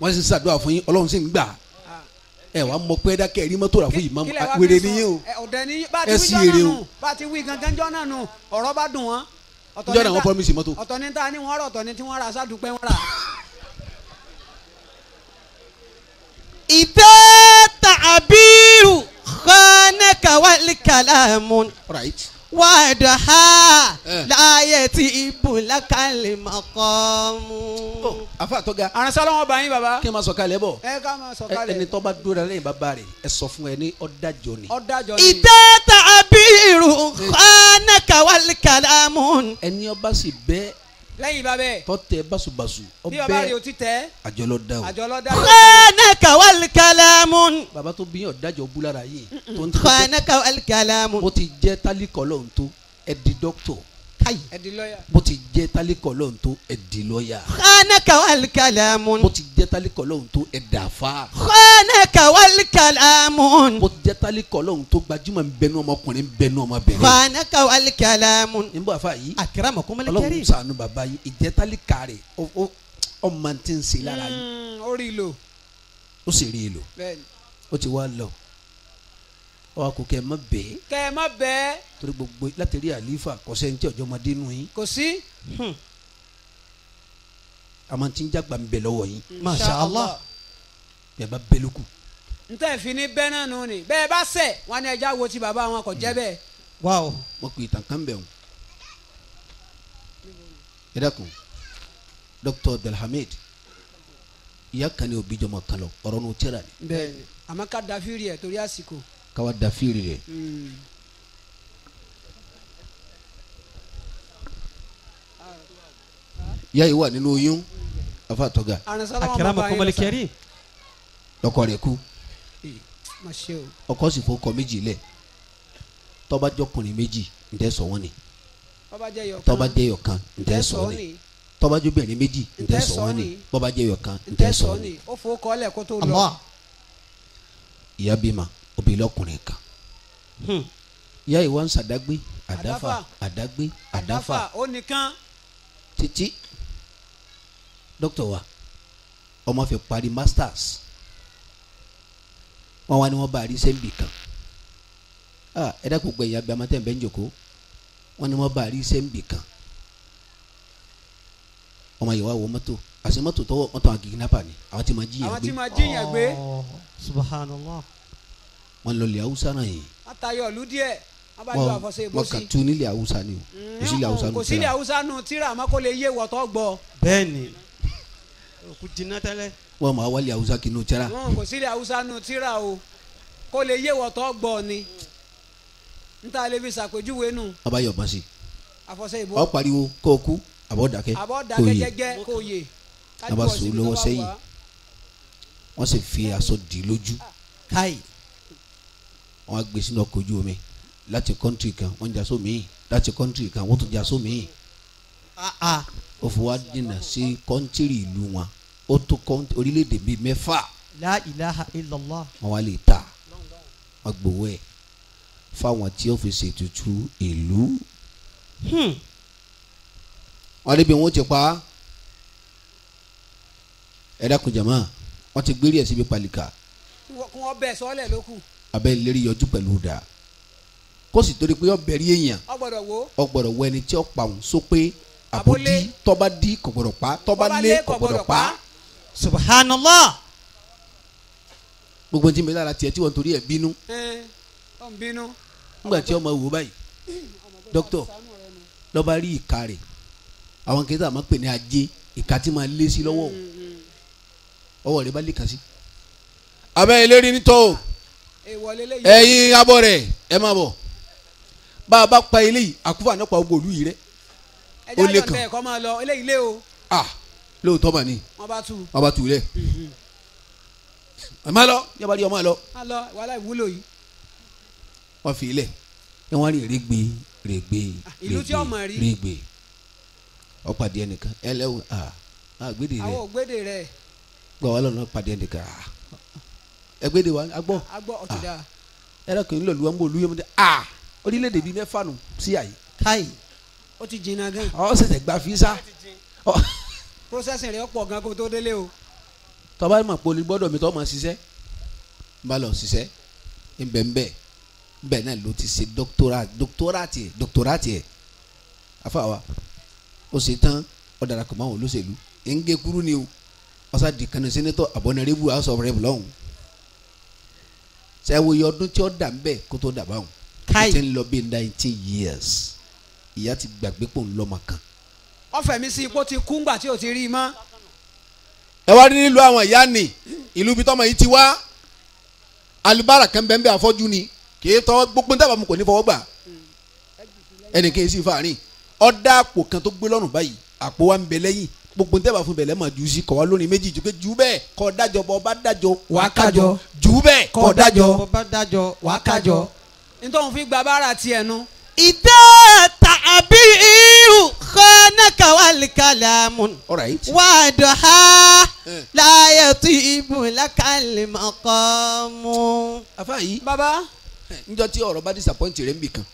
[SPEAKER 2] wọ́n sì ṣàdúrà fún yín ọlọ́run sì ń gbà ẹ wàá mọ pé ẹdá kẹrin mọ́tò rà fún ìmáàmù wèrè nìyẹn o ẹ sì èrè o. bá ti wí gangan jọ́nà nù ọ̀rọ̀ bá dùn wọ́n. jọ́nà wọn promise ọ̀tọ̀ ni ta ni wọ́n rà ọ̀tọ̀ ni tí wọ́n rà sádùúpẹ́ wọn rà.
[SPEAKER 1] إذا تعبير خانك والكلام right وادها لا يتيب لك المقام. Oh,
[SPEAKER 2] àfa àtọ́gá. àránṣẹ́ ọlọ́wọ́n bá yín bàbá. kí n máa sọ kalẹ̀ bọ̀. ẹ ká máa sọ kalẹ̀. ẹni tó bá dúró lẹ́yìn bàbá إذا تعبير خانك والكلام. ẹni ọba sì lẹ́yìn babẹ́. tọ́tẹ basubasu. bí baba rẹ o ti tẹ. àjọlọ da o. àjọlọ da o. kọ́nà kawal kalamu. baba tó bí ọ̀dájọ́ búlára yìí. kọ́nà kawal kalamu. o ti jẹ́ tálíkọ̀ lọ́n tó ẹ̀dí dọ́kítọ̀
[SPEAKER 1] táyì
[SPEAKER 2] bó ti jẹ́ tálíkọ̀ lọ́hùn tó ẹ di lọ́ọ̀yà. xana kawali kalamun. bó ti jẹ́ tálíkọ̀ lọ́hùn tó ẹ dàfa. xana kawali kalamun. bó ti jẹ́ tálíkọ̀ lọ́hùn tó gbajúmọ̀ bẹnu ọmọkùnrin bẹnu ọmọbìnrin. xana kawali kalamun. n bọ̀ àfa yìí. àkàrà mọ̀ kọ́mọ́lẹ́ kẹ́rì. ọlọ́run sànù bàbá yìí ìjẹ́ tálíkà o o o ń ṣe lára yìí. Mm, ó o i lò. o sì rí i o bẹ́ẹ̀ni. ó ti wá lọ ọ kò kẹ mọ bẹẹ. kẹ mọ bẹẹ. torí gbogbo látẹ̀rí àlífà kọsẹ́ ní tí ọjọ́ ọmọdé nù yín. kò sí. àmọ́ hmm. tí ń jágbá ń bẹ lọ́wọ́ yín. masha allah bẹẹ bá bẹ lóko. n tẹ́ fi ní bẹ́ẹ̀ náà nù ni bẹ́ẹ̀ bá sẹ̀ wọn ni ẹja wo ti bàbá wọn kò jẹ́ hmm. bẹ́ẹ̀. wá o mo kì í tàn kán bẹ̀ wọn. ẹ dákun Dr. Abdulhamid ìyá kan ní òbí jọmọ kan lọ ọ̀rọ̀ ní o tẹ́ra ni. bẹ́ẹ̀ni àmọ́ ká dafiri ẹ̀ torí àsìkò k'aw dafiri fiiri de. ìyá yìí wà nínú oyún afa tọga. akirama kọmọlì kẹrin. ọkọ rẹ̀ kú ọkọ sì fọkọ méjì lẹ tọba jọkùnrin méjì ntẹ sọ wọn ni tọba jẹ yọkan ntẹ sọ wọn ni tọba jọbìnrin méjì ntẹ sọ wọn ni bọba jẹ yọkan ntẹ sọ wọn ni. ó fowó kọ́ ọ́ lẹ̀ kó tó lọ. ìyá bímọ obìnrin lọkùnrin kan hmm. ìyá ìwà ń sàdágbé àdáfà àdágbé àdáfà ó nìkan títí dókítà wa ọmọ fi parí masters wọn wá ní wọn bá a rí sẹ́ńbì kan ẹ dákun gbẹ̀yìn abiyamọ tẹ̀ ń bẹ́ ń jòkó wọn ní wọn bá a rí sẹ́ńbì kan ọmọ yìí wá wọ mọ́tò àti mọ́tò tọwọ́ mọ́tò àgìgínnápà ni àwọn tí ma jíyàn gbé. àwọn tí ma jíyàn gbé.
[SPEAKER 1] subhanallah
[SPEAKER 2] wọn lọ ilẹ̀ haúsá náà yìí.
[SPEAKER 1] àtàyọ̀ ọ̀lú díẹ̀ wọ́n bá ní wà fọ́sẹ̀ ìbò sí. wọ́n kà tún
[SPEAKER 2] nílẹ̀ haúsá ni o mm, kò sí ilẹ̀ haúsá nù tíra. kò sí ilẹ̀ haúsá nù tíra àmọ́ kò lè yé wọ̀tọ́ gbọ́. bẹ́ẹ̀ni òkú jiná tẹ́lẹ̀. wọ́n máa wá ilẹ̀ haúsá kinu tíra. kò sí ilẹ̀ haúsá nù tíra o kò lè yé wọ̀tọ́ gbọ́ ni n ta lè fi ṣàpèjúwe nù. abayọ̀ bá sí. àfọ̀sẹ̀ ìbò. ọ pariwo kó o kú àbọ̀ dákẹ́ kó o yè wọn bá sọ lọ́wọ́ sẹ́yìn wọn sì fi aṣọ dì lójú. Ah. káyì wọ́n á gbé sínú ọkọ̀ ojú omi láti kọ́ńtì kan wọ́n já sómi yìí láti kọ́ńtì kan wọ́n tún já sómi yìí ah, ah. ó fi wá dènà sí kọ́ńtìrì ìlú wọn ó tó kọ́ńtì orílẹ̀-èdè bíi mẹ́fà.
[SPEAKER 1] la ilaha illallah.
[SPEAKER 2] wọ́n wá lè ta wọ́n gbowó ẹ̀ fáwọn tí ó fi ṣètùtù ìlú. Hmm. wọ́n débi wọ́n ti pa ẹ̀dá kùjàmọ́ wọ́n ti gbérí ẹ̀ síbi palika. kí wọ́n bẹ̀ sọ́ọ́lẹ̀ lókù abẹ́ ìlérí yọjú pẹ̀lú dáa kó sì torí pé ọbẹ̀ rí èèyàn ọgbọ̀dọ̀ wo ẹni tí ó pa òun só pé àbódí tọ́ba dí kò gbọdọ̀ pa tọ́ba lé kò gbọdọ̀ pa. subhanallah. gbogbo tí mi lára tiẹ̀ tí wọ́n torí ẹ̀ bínú. nígbà tí ọmọ wò báyìí dókítà lọ́ba rí ìka rẹ̀ àwọn kẹta máa pè ní ajé ìka tí máa lé sí lọ́wọ́ mm-hmm. ọwọ́ rẹ̀ bá lè kà sí. abẹ́ ìlérí nítọ́ ẹ̀yin abọ́ rẹ̀ ẹ máa bọ̀ bá a bá pa eléyìí àkúfà náà pa gbogbo olú yìí ó lé kan ah lóòótọ́ mà ní wọ́n bá tù wọ́n bá tù lẹ̀ ọmọ lọ yóò bá rí ọmọ lọ. a lọ wàhálà ìwúlò yìí. wọ́n fi ilẹ̀ ẹ ah, wọ́n rí rẹ́gbẹ́ rẹ́gbẹ́ rẹ́gbẹ́ ọ̀pàdé ẹnìkan ẹ lẹ́wọ̀n àgbèdè rẹ̀ àwọn ògbèdè rẹ̀ gbọ́ ẹnìkan àà ẹgbẹ́de wa agbọ́ agbọ́ ọ̀tọ̀dá ẹ̀rọ kìí ń lọ lu ọmọ olúyẹmọ dé a ah. ah! orílẹ̀-èdè bíi mẹ́fà nù sí àyè. káyì ó ti jìnnà gan. ọ ṣẹ̀ṣẹ̀ gba fisa. processing rẹ̀ pọ̀ gan kó tó délé o. tọ́ba ìmọ̀ poli gbọ́dọ̀ mi tọ́ ma ṣiṣẹ́ bá lọ ṣiṣẹ́ nbẹ̀nbẹ̀ nbẹ̀ náà ló ti ṣe doctorate ẹ̀ doctorate ẹ̀ afáwa ó ṣe tán ó darapọ̀ mọ́ àwọn olóṣèlú ẹ̀ ń gé kúrú ni o ọ̀sá di kanu sẹ́nẹ́tọ̀ àbọ̀nẹ́rẹ́bù house of rep lọ́hùn-ún ṣe wo iye ọdún tí ó dà ń kó tó dà báwọn káì ti ń lọ bí nineteen years ìyá ti gbàgbé pò ń lọ́mọ kan. ọfẹ mi sí ipò ti kú ngbà tí o ti rí i mọ́. ẹ wá rí nílùú àwọn ìyá ni ìlú ibi tọ́mọ yìí ti wá alubára kan bẹ́ẹ̀ bẹ́ẹ̀ afọ́jú ni kì í tọ́ gbogbo dábàá mu kò ní fọwọ́ gbà ẹnì kejì sí fàárín ọ̀dà àpò kan tó gbé lọ́rùn báyìí àpò wa ń bẹ lẹ́yìn gbogbo ntẹ́ bá fún bẹ̀lẹ́ mà jù sí kọ̀ lónìí méjì jù jù bẹ́ẹ̀ kọ́ dájọ́ bọ́ bá dájọ́ wàá kájọ́ jù bẹ́ẹ̀ kọ́ dájọ́ bọ́ bá
[SPEAKER 1] dájọ́ wàá kájọ́. nítorí fi gba bára tiẹ̀ nu. ìdá tàbí irú kọ́nàkà wà lìkàlà mú. wà á dọ̀ ha láyé tó ibù lákàlì mọ́kọ́ mú. àfáà
[SPEAKER 2] yìí bàbá. njọ tí ọ̀rọ̀ bá disappoint rẹ̀ ń kan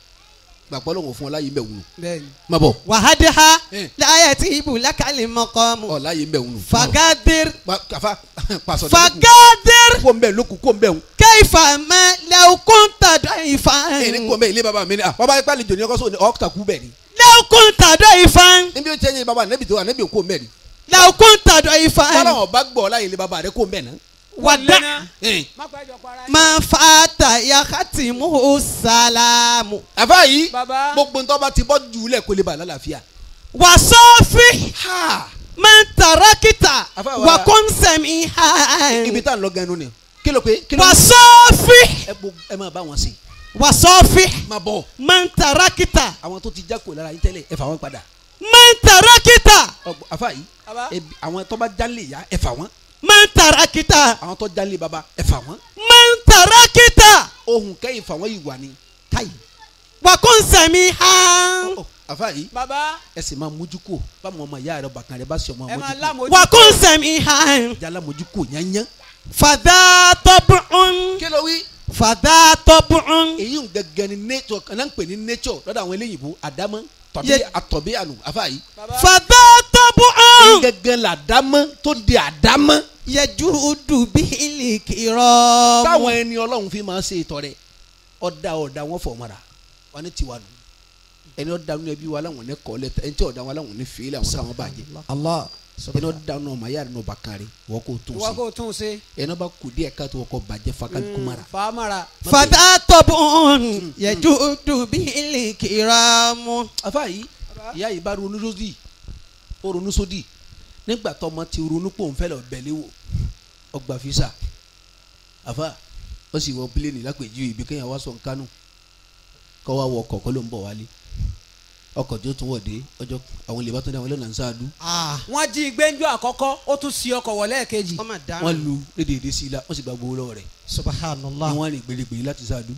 [SPEAKER 2] gbàgbọ́ lòun fún ọ láyé bẹ̀ wúlò.
[SPEAKER 1] má bọ̀. wàhádé ha eh. láyé tí ibù lákàlì mọ́kọ́ mu. ọ láyé bẹ̀ wúlò. fagadir. kafa pasọ̀ lókun. fagadir. kó n bẹ̀ lókun kó n bẹ̀ wù. kẹ́hìfà mẹ́
[SPEAKER 2] lẹ́wọ̀kún tàdó ìfà. ẹ ní kó n bẹ ilé bàbá mi ni ah, bàbá yẹn pàlejò ní ọkọ sóni ọkùtàkù bẹ̀ ni. lẹ́wọ̀kún tàdó ìfà. níbi ó ti ẹ wàdá máa fa tàyà kàtì mú sàlámù. àbá yìí gbogbo ntọ́ bá ti bọ́ jùlẹ̀ kó lè bà lálàáfíà. wà sọ́ọ́fì máa ń tàrà kìtà wà kọ́nsẹ̀m ìhà. ibi tá à ń lọ ganu ni kí ló pé. wà sọ́ọ́fì. ẹ máa bá wọn sí. wà sọ́ọ́fì máa ń kìtà. àwọn tó ti jákòó lára yín tẹ́lẹ̀ ẹ fà wọ́n padà. máa ń kìtà. àbá yìí àwọn tó bá jálè yá ẹ fà wọ́n máa ń tara kíta. àwọn tó jalè baba ẹ fà wọn. máa ń tara kíta. ohun kẹ́yìn fà wọ́n yìí wà ní táyì. wà kó ń sẹ̀mí hàn. Oh, oh, àfa yìí baba ẹ sì máa mójú kò báwọn ọmọ ìyá rẹ bàkan rẹ bá sì ọmọ mójú kò. wà kó ń sẹ̀mí hàn. jala mójú kò yányán. fàdà tọ́bùn. kí ló wí. fàdà tọ́bùn. èyí ń gẹ́gẹ́ ni nature náà ń pè ní nature lọ́dọ̀ àwọn eléyìnbó àdámọ́ tọbi atọbi àlù afa yi. tọ́bù án. gẹ́gẹ́ la dámọ́ tó di àdámọ́. yẹjú dùbí ìlìkì rọ. táwọn ẹni ọlọ́run fi máa ń ṣe ìtọ́ rẹ̀ ọ̀dà ọ̀dà wọn fọ̀ mọ́ra wọn ni tiwa nù ẹni ọ̀dà nínú ẹbí wa aláwọn ní kọ́ lẹ́tà ẹni tí ọ̀dà wọn aláwọn ní fèélè àwọn táwọn bàjẹ́ ẹn'o dan n'o ma yari n'o ba kari wọ́n k'o tún se wọ́n k'o tún se ẹn'o ba kudi yẹ k'a to kọ bàjẹ́ fakali kumara. Hmm,
[SPEAKER 1] faamara. fata tobun yajudu bili kiramu. afa
[SPEAKER 2] yi ìyá yìí bá ronú sódì ó ronú sódì nígbà tọmọ ti ronú pò ń fẹ́ lọ bẹ̀lẹ́ wò ọgbà fisa afa ó sì wọ pílẹ̀nì lápèjì ibi kéèyàn wá sọ nkánú kọ́ wa wọ ọkọ̀ kọ́ ló ń bọ̀ wálé ọkọ̀ tí ó tún wọ̀dé ọjọ́ àwọn ilé bá tún dé àwọn ilé náà ń sáájú. Ah. wọ́n jí gbẹ́njú àkọ́kọ́ ó tún sí ọkọ̀ wọ̀lẹ́ kejì. wọ́n lu lédè sí i la wọ́n sì gba gbowó lọ́wọ́ rẹ̀. subhanallah wọ́n rìn gbèrègbèrè láti sáájú.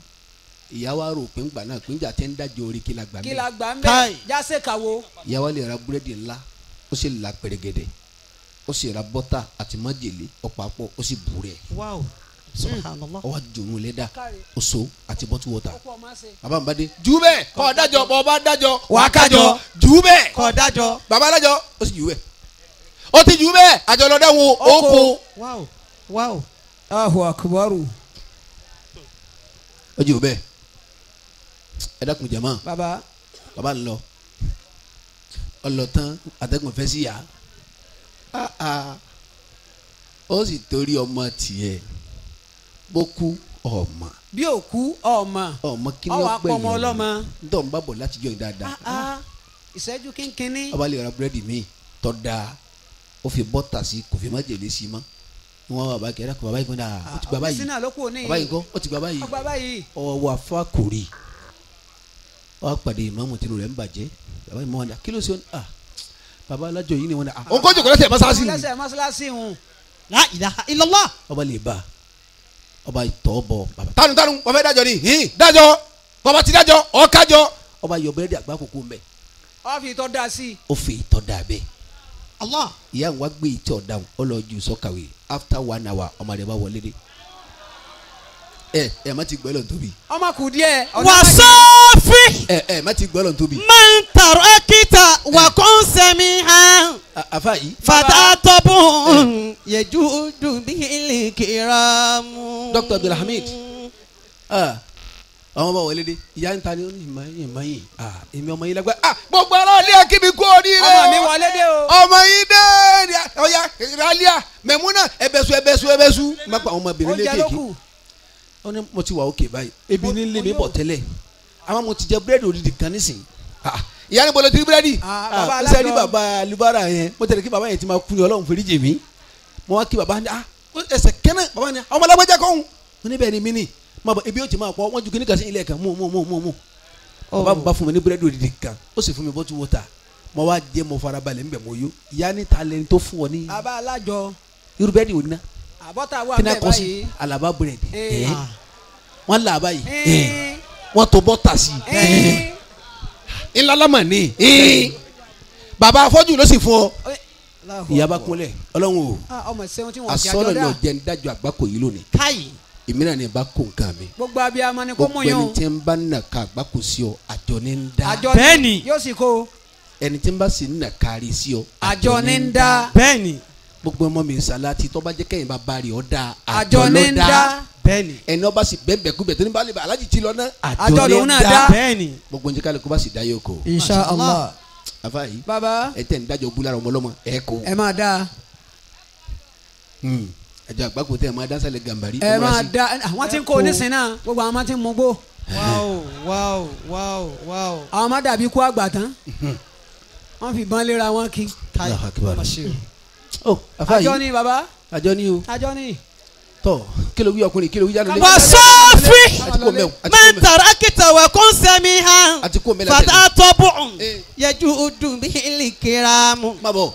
[SPEAKER 2] ìyá wa rò pé ń gbà náà pé ń jà tẹ́ ń dájọ́ orí kí la gbà mẹ́. kí la gbà mẹ́ jáse kàwo. ìyá lè ra búrẹ́dì ńlá ó sì la wow subhanallah ọwọ jòrò lẹ́dà oṣù àti bottle water baba n bade jù bẹ́ẹ̀ kọ́ dájọ́ bọ́ba dájọ́ wàá baba dájọ́ ó sì jù bẹ́ẹ̀ ti jù bẹ́ẹ̀ oko. wáwo wáwo ahu akubaru. ó jù bẹ́ẹ̀ ẹ baba baba lọ ọlọ́tàn àtẹ̀kùn fẹ́ sí yá ah, ah. ó sì torí ọmọ tiẹ̀ bó kú ọmọ. bí ò kú ọmọ ọmọ kíní ọgbẹ yìí ọmọ ọlọmọ. ntọ́ n bá bọ̀ láti jọyìn dáadáa. Ah, ah, ah. ìṣẹ́jú kínkínní. ọba lè ra búrẹ́dì mi tọ́ da ó fi bọ́tà sí kò fi má jèlé sí mọ́ wọn bàbá kẹrẹ kò bàbá yìí kò dáa ó ti gba báyìí bàbá yìí kọ́ ó ti gba báyìí ọwọ́ afá kò rí wàá pàdé ìmọ̀mù tìrù rẹ̀ ń bàjẹ́ bàbá ìmọ̀ wọn dà kí ló ṣe wọn ah baba alájọ yìí ni wọn dà ah. òun kọ́ jòkó lẹ́sẹ̀ mọ́sálásí ni. lẹ́sẹ̀
[SPEAKER 1] mọ́sálásí ń. la ilaha illallah.
[SPEAKER 2] ọba lè ba ọba ìtọ́ bọ bàbá. tánu tánu wọn fẹ́ dájọ́ ni hìn dájọ́ bàbá ti dájọ́ ọ̀kájọ́ ọba yọ bẹ́ẹ̀dì àgbà kókó mẹ́. ó fi ìtọ́ da sí i. ó fi ìtọ́ da bẹ́ẹ̀. Allah. ìyá wa gbé ìtọ́ dáhùn ọlọ́jú sọ́kàwé after one hour ọmọ rẹ̀ bá wọlé dé. ẹ ẹ má ti gbọ́ lọ́n tóbi. ọmọ kù díẹ̀. wàsọ́ọ̀fì. ẹ ẹ má ti gbọ́ lọ́n máa ń tàrọ́
[SPEAKER 1] fata wà kún sẹ́mi hàn. àfa yìí. fata tọ́bùn yẹjú dùbílì kìrámù. Dr. Abdulhamid
[SPEAKER 2] àwọn ọmọ wọlé dé ìyá ń ta ni ó ní ìmọ̀ yìí ìmọ̀ yìí èmi ọmọ yìí lágbá. gbogbo ara ilé akíbi kú oríire o ọmọ mi wọlé dé o ọmọ yìí dé ọya ìrálíà mẹmúnà ẹbẹsù ẹbẹsù ẹbẹsù má pa àwọn ọmọbìnrin lékèké ó ní mo ti wà òkè báyìí ebi ní lè mi bọ̀ tẹ́lẹ̀ àwọn mo ti jẹ búrẹ́dì òdìdì kan nísìnyí ìyá ni bolo ti búrẹ́dì ṣe ni baba alubara yẹn mo tẹ̀lé kí baba yẹn ti ma kú ni ọlọ́run fèrè jè mí mo wá kí baba ni ah ẹsẹ̀ kẹ́nẹ́ baba ni ọmọ alágbèjà kọ́hún mo ní bẹ́ẹ̀ ni mí ni mo bọ̀ ebi yóò ti máa pọ̀ wọ́n ju kíní kasi ilẹ̀ kan mú mú mú mú mú baba mi oh. bá fún mi ní búrẹ́dì òdìdí kan ó sì fún mi bọ́tú wọ́tà mo wá jẹ́ mo fara balẹ̀ nbẹ̀ mo yó ìyá ni ta lẹni tó fún ọ ní. baba alájọ. irú bẹ́ẹ̀ ni òní náà. àbọ̀tà wà bẹ́ẹ̀ báyìí. alaba búrẹ́dì. Eh. wọ́n là báyìí. Eh. wọ́n sí eh ńlá lámà ní bàbá afọ́jú ló sì fún ọ ìyaba kúnlẹ̀ ọlọ́run o ah, asọ́nà náà jẹ́ ń dájọ́ àgbákò yìí lónìí èmi náà ní bá kó nǹkan mi. gbogbo abiyamọ ni kó mú yín o. gbogbo ẹni tí ń bá nàka àgbákò sí ọ àjọ ni ń dá. àjọ ẹni tí ń bá sì nàka rí sí ọ. àjọ ni ń dá. bẹ́ẹ̀ni. gbogbo ọmọ mi sàlá ti tọ́ bá jẹ́ kẹ́yìn bá bá rí ọ dáa. àjọ ni dá bẹ́ẹ̀ni. ẹni ọba sì bẹ́ẹ̀ bẹ́ẹ̀ kú bẹ́ẹ̀ tó ní bá lè bá alájì tí lọ náà. àjọ lòun náà bẹ́ẹ̀ni. gbogbo njẹ kálukú bá sì dá yóò kó. insha allah. afa yi. baba. ẹ tẹ̀ ń dájọ́ búlára ọmọ ọlọ́mọ ẹ kó. ẹ máa da. Hmm. ẹjọ àgbákò tẹ ẹ máa dásálẹ gàmbàrí. ẹ máa da àwọn tí ń kó onísìn náà gbogbo àwọn máa ti ń mugbó. wáò wáò wáò wáò. àwọn máa dàbí kú àgbà tán wọn fi bán léra wọn kí. Oh, àjọ ni baba. àjọ ni o. àjọ ni tọ kí ló wí ọkùnrin kí ló wí jáde. wà sọ́ọ̀fì
[SPEAKER 1] mẹ́tàrà kìtàwé kó ń sẹ́mi hàn fàtà tọ́bù yẹjú dùn bí ìlìkìramu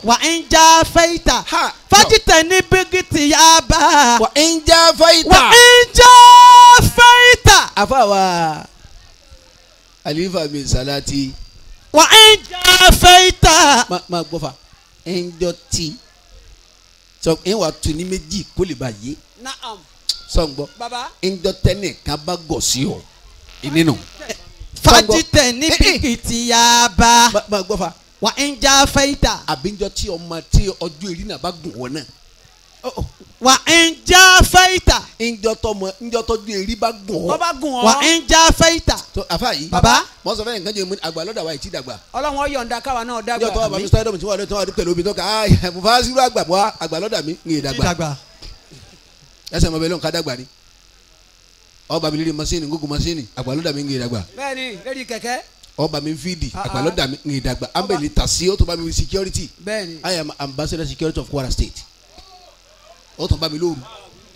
[SPEAKER 1] wà ń já fẹ́yìntà fájìtẹ̀ ní bíkìtì yá bá. wà ń já fẹ́yìntà. wà ń já fẹ́yìntà.
[SPEAKER 2] àfàwà àlìfà mi sàlátì. wà ń já fẹ́yìntà. máa gbọ́ fa ẹ̀ ń jọ tí sọ ẹ̀ wà tún ní méjì kó lè bá naam. sọ̀ngbọ́ ńjọ́tẹ́nì kan bá gọ̀ sí ọ nínú. fajitẹ ní pikiti ya ba. bá a gbọ́ fa. wà á ń já fẹ́yìntà. àbíjọ tí ọmọ tí ọjọ́ ìrìnà bá gùn wọn náà oh, oh. wà ń já fẹ́yìntà. ǹjọ́ tọmọ ǹjọ́ tọjú èrí bá gùn ọ́. bá gùn ọ́. wà ń já fẹ́yìntà. tó àfa yìí. baba. mọ sọ fẹ́yìn kanjẹ àgbà lọ́dà wa ìtì dàgbà. ọlọ́run ọyọ̀ ń da káwa náà dàgbà. ǹjọ́ tọ́wọ́ bàbá mi sọ́yọ́dọ̀ mi tí wọ́n adé tí wọ́n adé pẹ̀lú omi tó kà á mo fà mi ń yè ẹsẹ̀ mọ̀ bẹ́ẹ̀ lọ́n kádàgbà ni ọba mi lérí masini ngógun masini àgbàlódà mi ń gbé dàgbà. bẹ́ẹ̀ni lérí kẹ̀kẹ́. ọba mi ń fìdí ah, ah. àgbàlódà mi ń gbé dàgbà ambeli tasi ó tún bá mi security. bẹ́ẹ̀ni I am ambassador security of Kwara State ó tún bá mi lóru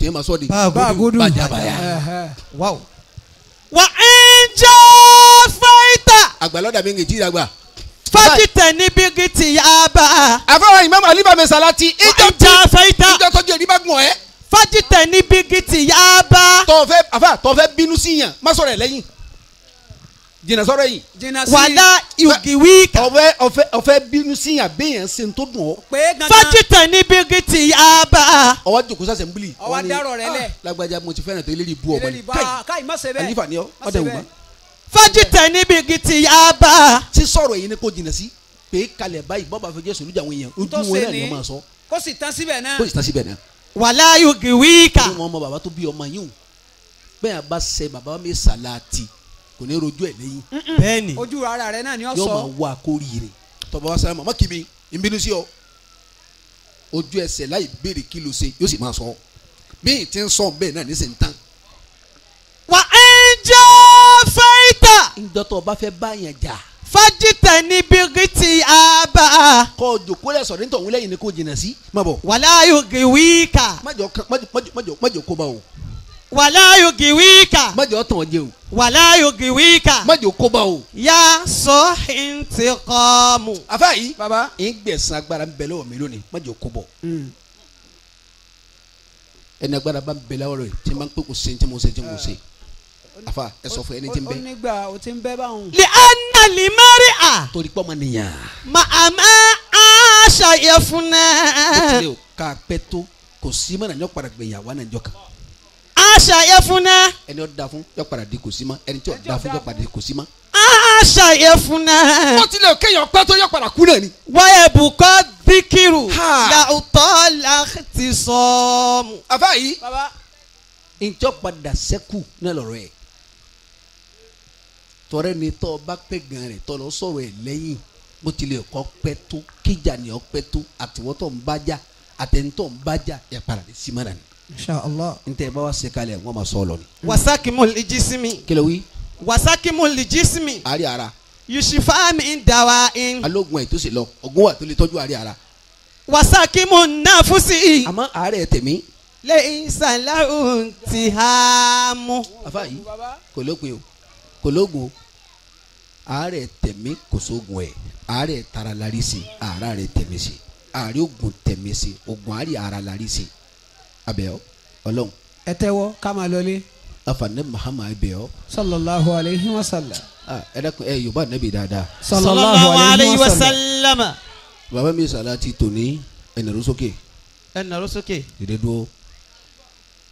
[SPEAKER 2] tèé ma sọ de. baagudu bajabaya. wow. wà á jẹ́ fáìtà. àgbàlódà mi ń gbé dàgbà
[SPEAKER 1] fájìtẹ̀ níbi gidi yaba. àfọwọ́ ìmọ̀ àlíbàmẹ́sàlá ti ìjọ tó jẹ́ ìdíbàgùn ẹ̀ fájìtẹ̀ ní bígìtì yá bá. tọ́fẹ́ àfà tọ́fẹ́ bínú
[SPEAKER 2] sí yàn má sọ̀rọ̀ ẹ̀ lẹ́yìn jìnnà sọ̀rọ̀ yìí.
[SPEAKER 1] jìnnà sí wàdà
[SPEAKER 2] ìwìwì. ọ̀fẹ́ ọ̀fẹ́ ọ̀fẹ́ bínú sí yàn béèyàn ṣe ń tó dùn ọ́. fájìtẹ̀ ní bígìtì yá bá. ọwọ́ jòkó sàṣẹ̀ ń bìlì. ọwọ́ dárọ̀ rẹ ah, lẹ̀. lágbájá mo ti fẹ́ràn tó eléyìí bu ọ̀gbọ́n. káyì má ṣe bẹ́ẹ̀ ni kò jìnnà sí pé kalẹ̀ báyìí bọ́ọ̀bà wàlá yugi wíkà. bí wọn mọ bàbá tó bí ọmọ yìí o bẹ́ẹ̀ a bá ṣe bàbá mi sàláàtì kò ní rojú ẹ̀ lẹ́yìn. bẹ́ẹ̀ni ojú ara rẹ náà ni ó sọ. yóò máa wá kórìíre tọ́ba wa sáré màmá kìíní ìbínú sí ọ ojú ẹsẹ̀ láì béèrè kí ló ṣe yóò sì máa sọ bí ti ń sọ bẹ́ẹ̀ náà ní sì ń tán. wà á ń jẹ́ fẹ́ẹ́tà. ìjọ tó o bá fẹ́ báyàn jà wájú tẹ̀ ní bírí ti a bá a. kọ́ jòkó lẹ sọ̀rọ̀ nítorí lẹ́yìn ni kò jìnnà sí. má bọ̀. wàlá yóò gé
[SPEAKER 1] wíìkà. májọ májọ májọ kó bá o. wàlá yóò gé wíìkà. májọ tàn jẹ o. wàlá yóò gé wíìkà. májọ kó bá o. yá sọ ń ti
[SPEAKER 2] kọ́ mu. àfa yìí. baba ń gbẹ̀sán agbára ń lọ́wọ́ mi lónìí májọ kó bọ̀. Hmm. ẹni bá ń lọ́wọ́ rẹ̀ tí n bá ń pè kó se tí mo se tí mo se. Uh afa ẹ sọ fún ẹni tí ń bẹ.
[SPEAKER 1] onígbà o ti ń bẹ báwọn. lè á
[SPEAKER 2] nà lè má rí à. torí pọ́ ma nìyàn.
[SPEAKER 1] màmá a ṣàyẹ fún náà. o tilẹ̀
[SPEAKER 2] o k'a pẹ́ tó kò sí mọ́nà ní ọ̀padà gbẹ̀yà wà nàìjọ kan.
[SPEAKER 1] a ṣàyẹ fún náà.
[SPEAKER 2] ẹni ó da fún yọ di kò sí ma ẹni tí ó da fún yọ di kò sí ma.
[SPEAKER 1] a ṣàyẹ fún náà. o tilẹ̀ o kéèyàn pẹ́ tó yọ kú náà ni. wáyé bùkọ́ díkìrù. làwùtọ́ la
[SPEAKER 2] ti sọ. àbá baba. ìjọ padà sẹ́kù náà lọ̀rọ̀ yẹ tọrẹ ni tọ bá pẹ gan rẹ tọ lọ sọ̀rọ̀ ẹ lẹ́yìn bó tilẹ̀ kọ́ pẹ́ tó kíjà ni ọ tó àtiwọ́tọ̀ ń bájà àtẹnitọ́ ń bájà ẹ para ní simara ni. inshallah. n
[SPEAKER 1] tẹ bá wa se kalẹ̀ n kò ma sọ ọ lọ ni. wasaki mo li jisimi. kele wi. wasaki mo li jisimi. ari ara. yusufa mi dawa
[SPEAKER 2] in. alógun ẹ̀ tó sì lọ ogun wa tó lè tọ́jú ari ara. wasaki mo na fusi. àmọ́ àárẹ̀ tẹ̀mí.
[SPEAKER 1] lẹ́yìn sàlẹ̀ òun ti há mú. yìí
[SPEAKER 2] kò lópin o o àárẹ̀ tẹ̀mí kò sóògùn ẹ̀ àárẹ̀ tara larí sí àárá rẹ̀ tẹ̀mí sí àárẹ̀ ògùn tẹ̀mí sí ògùn àárẹ̀ ara larí sí abẹ́ ọ ọlọ́run. ẹ tẹ́wọ́ ká máa lọlé. afaanẹ Muhammad bẹ ọ. sallallahu alayhi wa sallam. ẹ dákun ẹ yorùbá nẹbi dáadáa. sallallahu alayhi wa sallam. baba mi sàlá ti tòní ẹnàró sókè. ẹnàró sókè. ìdẹ́dúró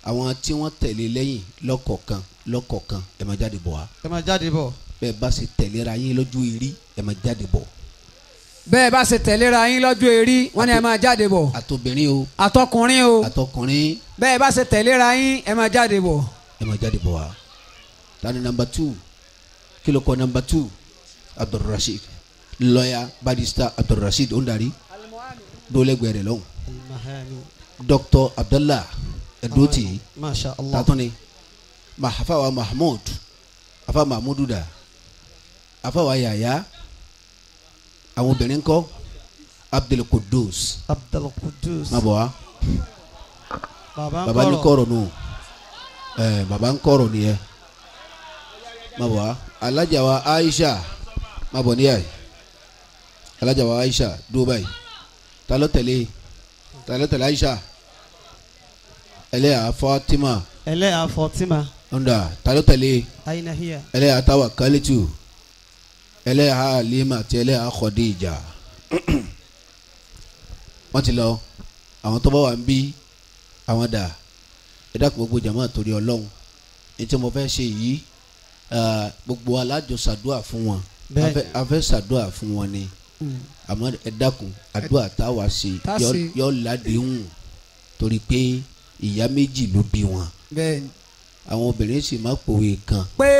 [SPEAKER 2] àwọn tí wọ́n tẹ̀lé lẹ́yìn lọ́kọ̀ọ̀kan lọ́kọ̀ọ̀kan ẹ máa jáde bọ̀ wá.
[SPEAKER 1] ẹ máa jáde bọ̀
[SPEAKER 2] bẹ́ẹ̀ bá ṣe tẹ̀léra yín lọ́jọ́ eré ẹ máa jáde bọ̀. bẹ́ẹ̀ bá ṣe tẹ̀léra yín lọ́jọ́ eré wọ́n ní ẹ máa jáde bọ̀. àtobìnrin o. àtọkùnrin o. àtọkùnrin. bẹ́ẹ̀ bá ṣe tẹ̀léra yín ẹ máa jáde bọ̀. ẹ máa jáde bọ̀ wa. tani nọ́mbà tù kìlọ̀ kọ́ nọ́mbà tù Abdulrasheed lọ́yà barista Abdulrasheed ondari dólẹ́gbẹ̀ẹ́ rẹ̀ lọ́hùn. Dr Abdallah Edoti tatuni mahafawa Mahmud afa Mahmudu da afáwa yàyà àwọn obìnrin kọ́ Abdul Kudus. Abdul Kudus. má bọ̀
[SPEAKER 1] wá baba ní kọ̀rọ̀ nù
[SPEAKER 2] ẹ baba ń kọ̀rọ̀ nìyẹn má bọ̀ Aisha má bọ̀ níyà alajawa Aisha Dubai, báyìí ta ló tẹ̀lé Aisha ẹlẹ́yà Fatima
[SPEAKER 1] ẹlẹ́yà Fatima
[SPEAKER 2] ọ̀ndà ta ló tẹ̀lé ẹlẹ́yà Tawakkalitu ẹlẹ́ha Halima àti ẹlẹ́ha Khadija wọ́n ti lọ àwọn tó bá wà ń bí àwọn dà ẹ dákun gbogbo jàmáà torí ọlọ́run ní tí mo fẹ́ ṣe yìí gbogbo alájọ ṣàdúà fún wọn a fẹ́ ṣàdúà fún wọn ni mm. àmọ́ ẹ dákun àdúà táwa ṣe yọ ládéhùn torí pé ìyá méjì ló bí wọn àwọn obìnrin sì máa pòwe kan. pé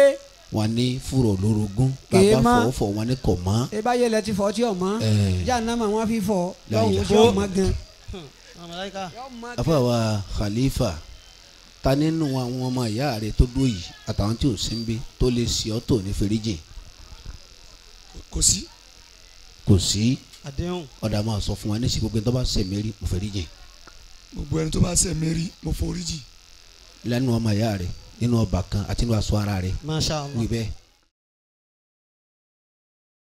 [SPEAKER 2] wọn ní fúrò lórogún bàbá fọ fọ wọn ní kò mọ.
[SPEAKER 1] ẹ bá yẹlẹ ti fọ tí o mọ jahannama wọn fi fọ lọ́wọ́ tí o mọ gan.
[SPEAKER 2] àfọwà khalifa ta nínú àwọn ọmọ ìyá rẹ tó dúró yìí àtàwọn tí ò sí ń bí tó lè sí ọ tó ní fèrèjì. kò sí. kò sí. àdéhùn. ọ̀dà máa sọ fún wa ní gbogbo ẹni tó bá ṣẹ̀ rí mo fèrèjì. gbogbo ẹni
[SPEAKER 1] tó bá ṣẹ̀ rí mo foríjì.
[SPEAKER 2] lẹ́nu ọmọ ìyá rẹ̀ nínú ọbàkan àti nínú aṣọ ara rẹ̀. masha allah wíbẹ̀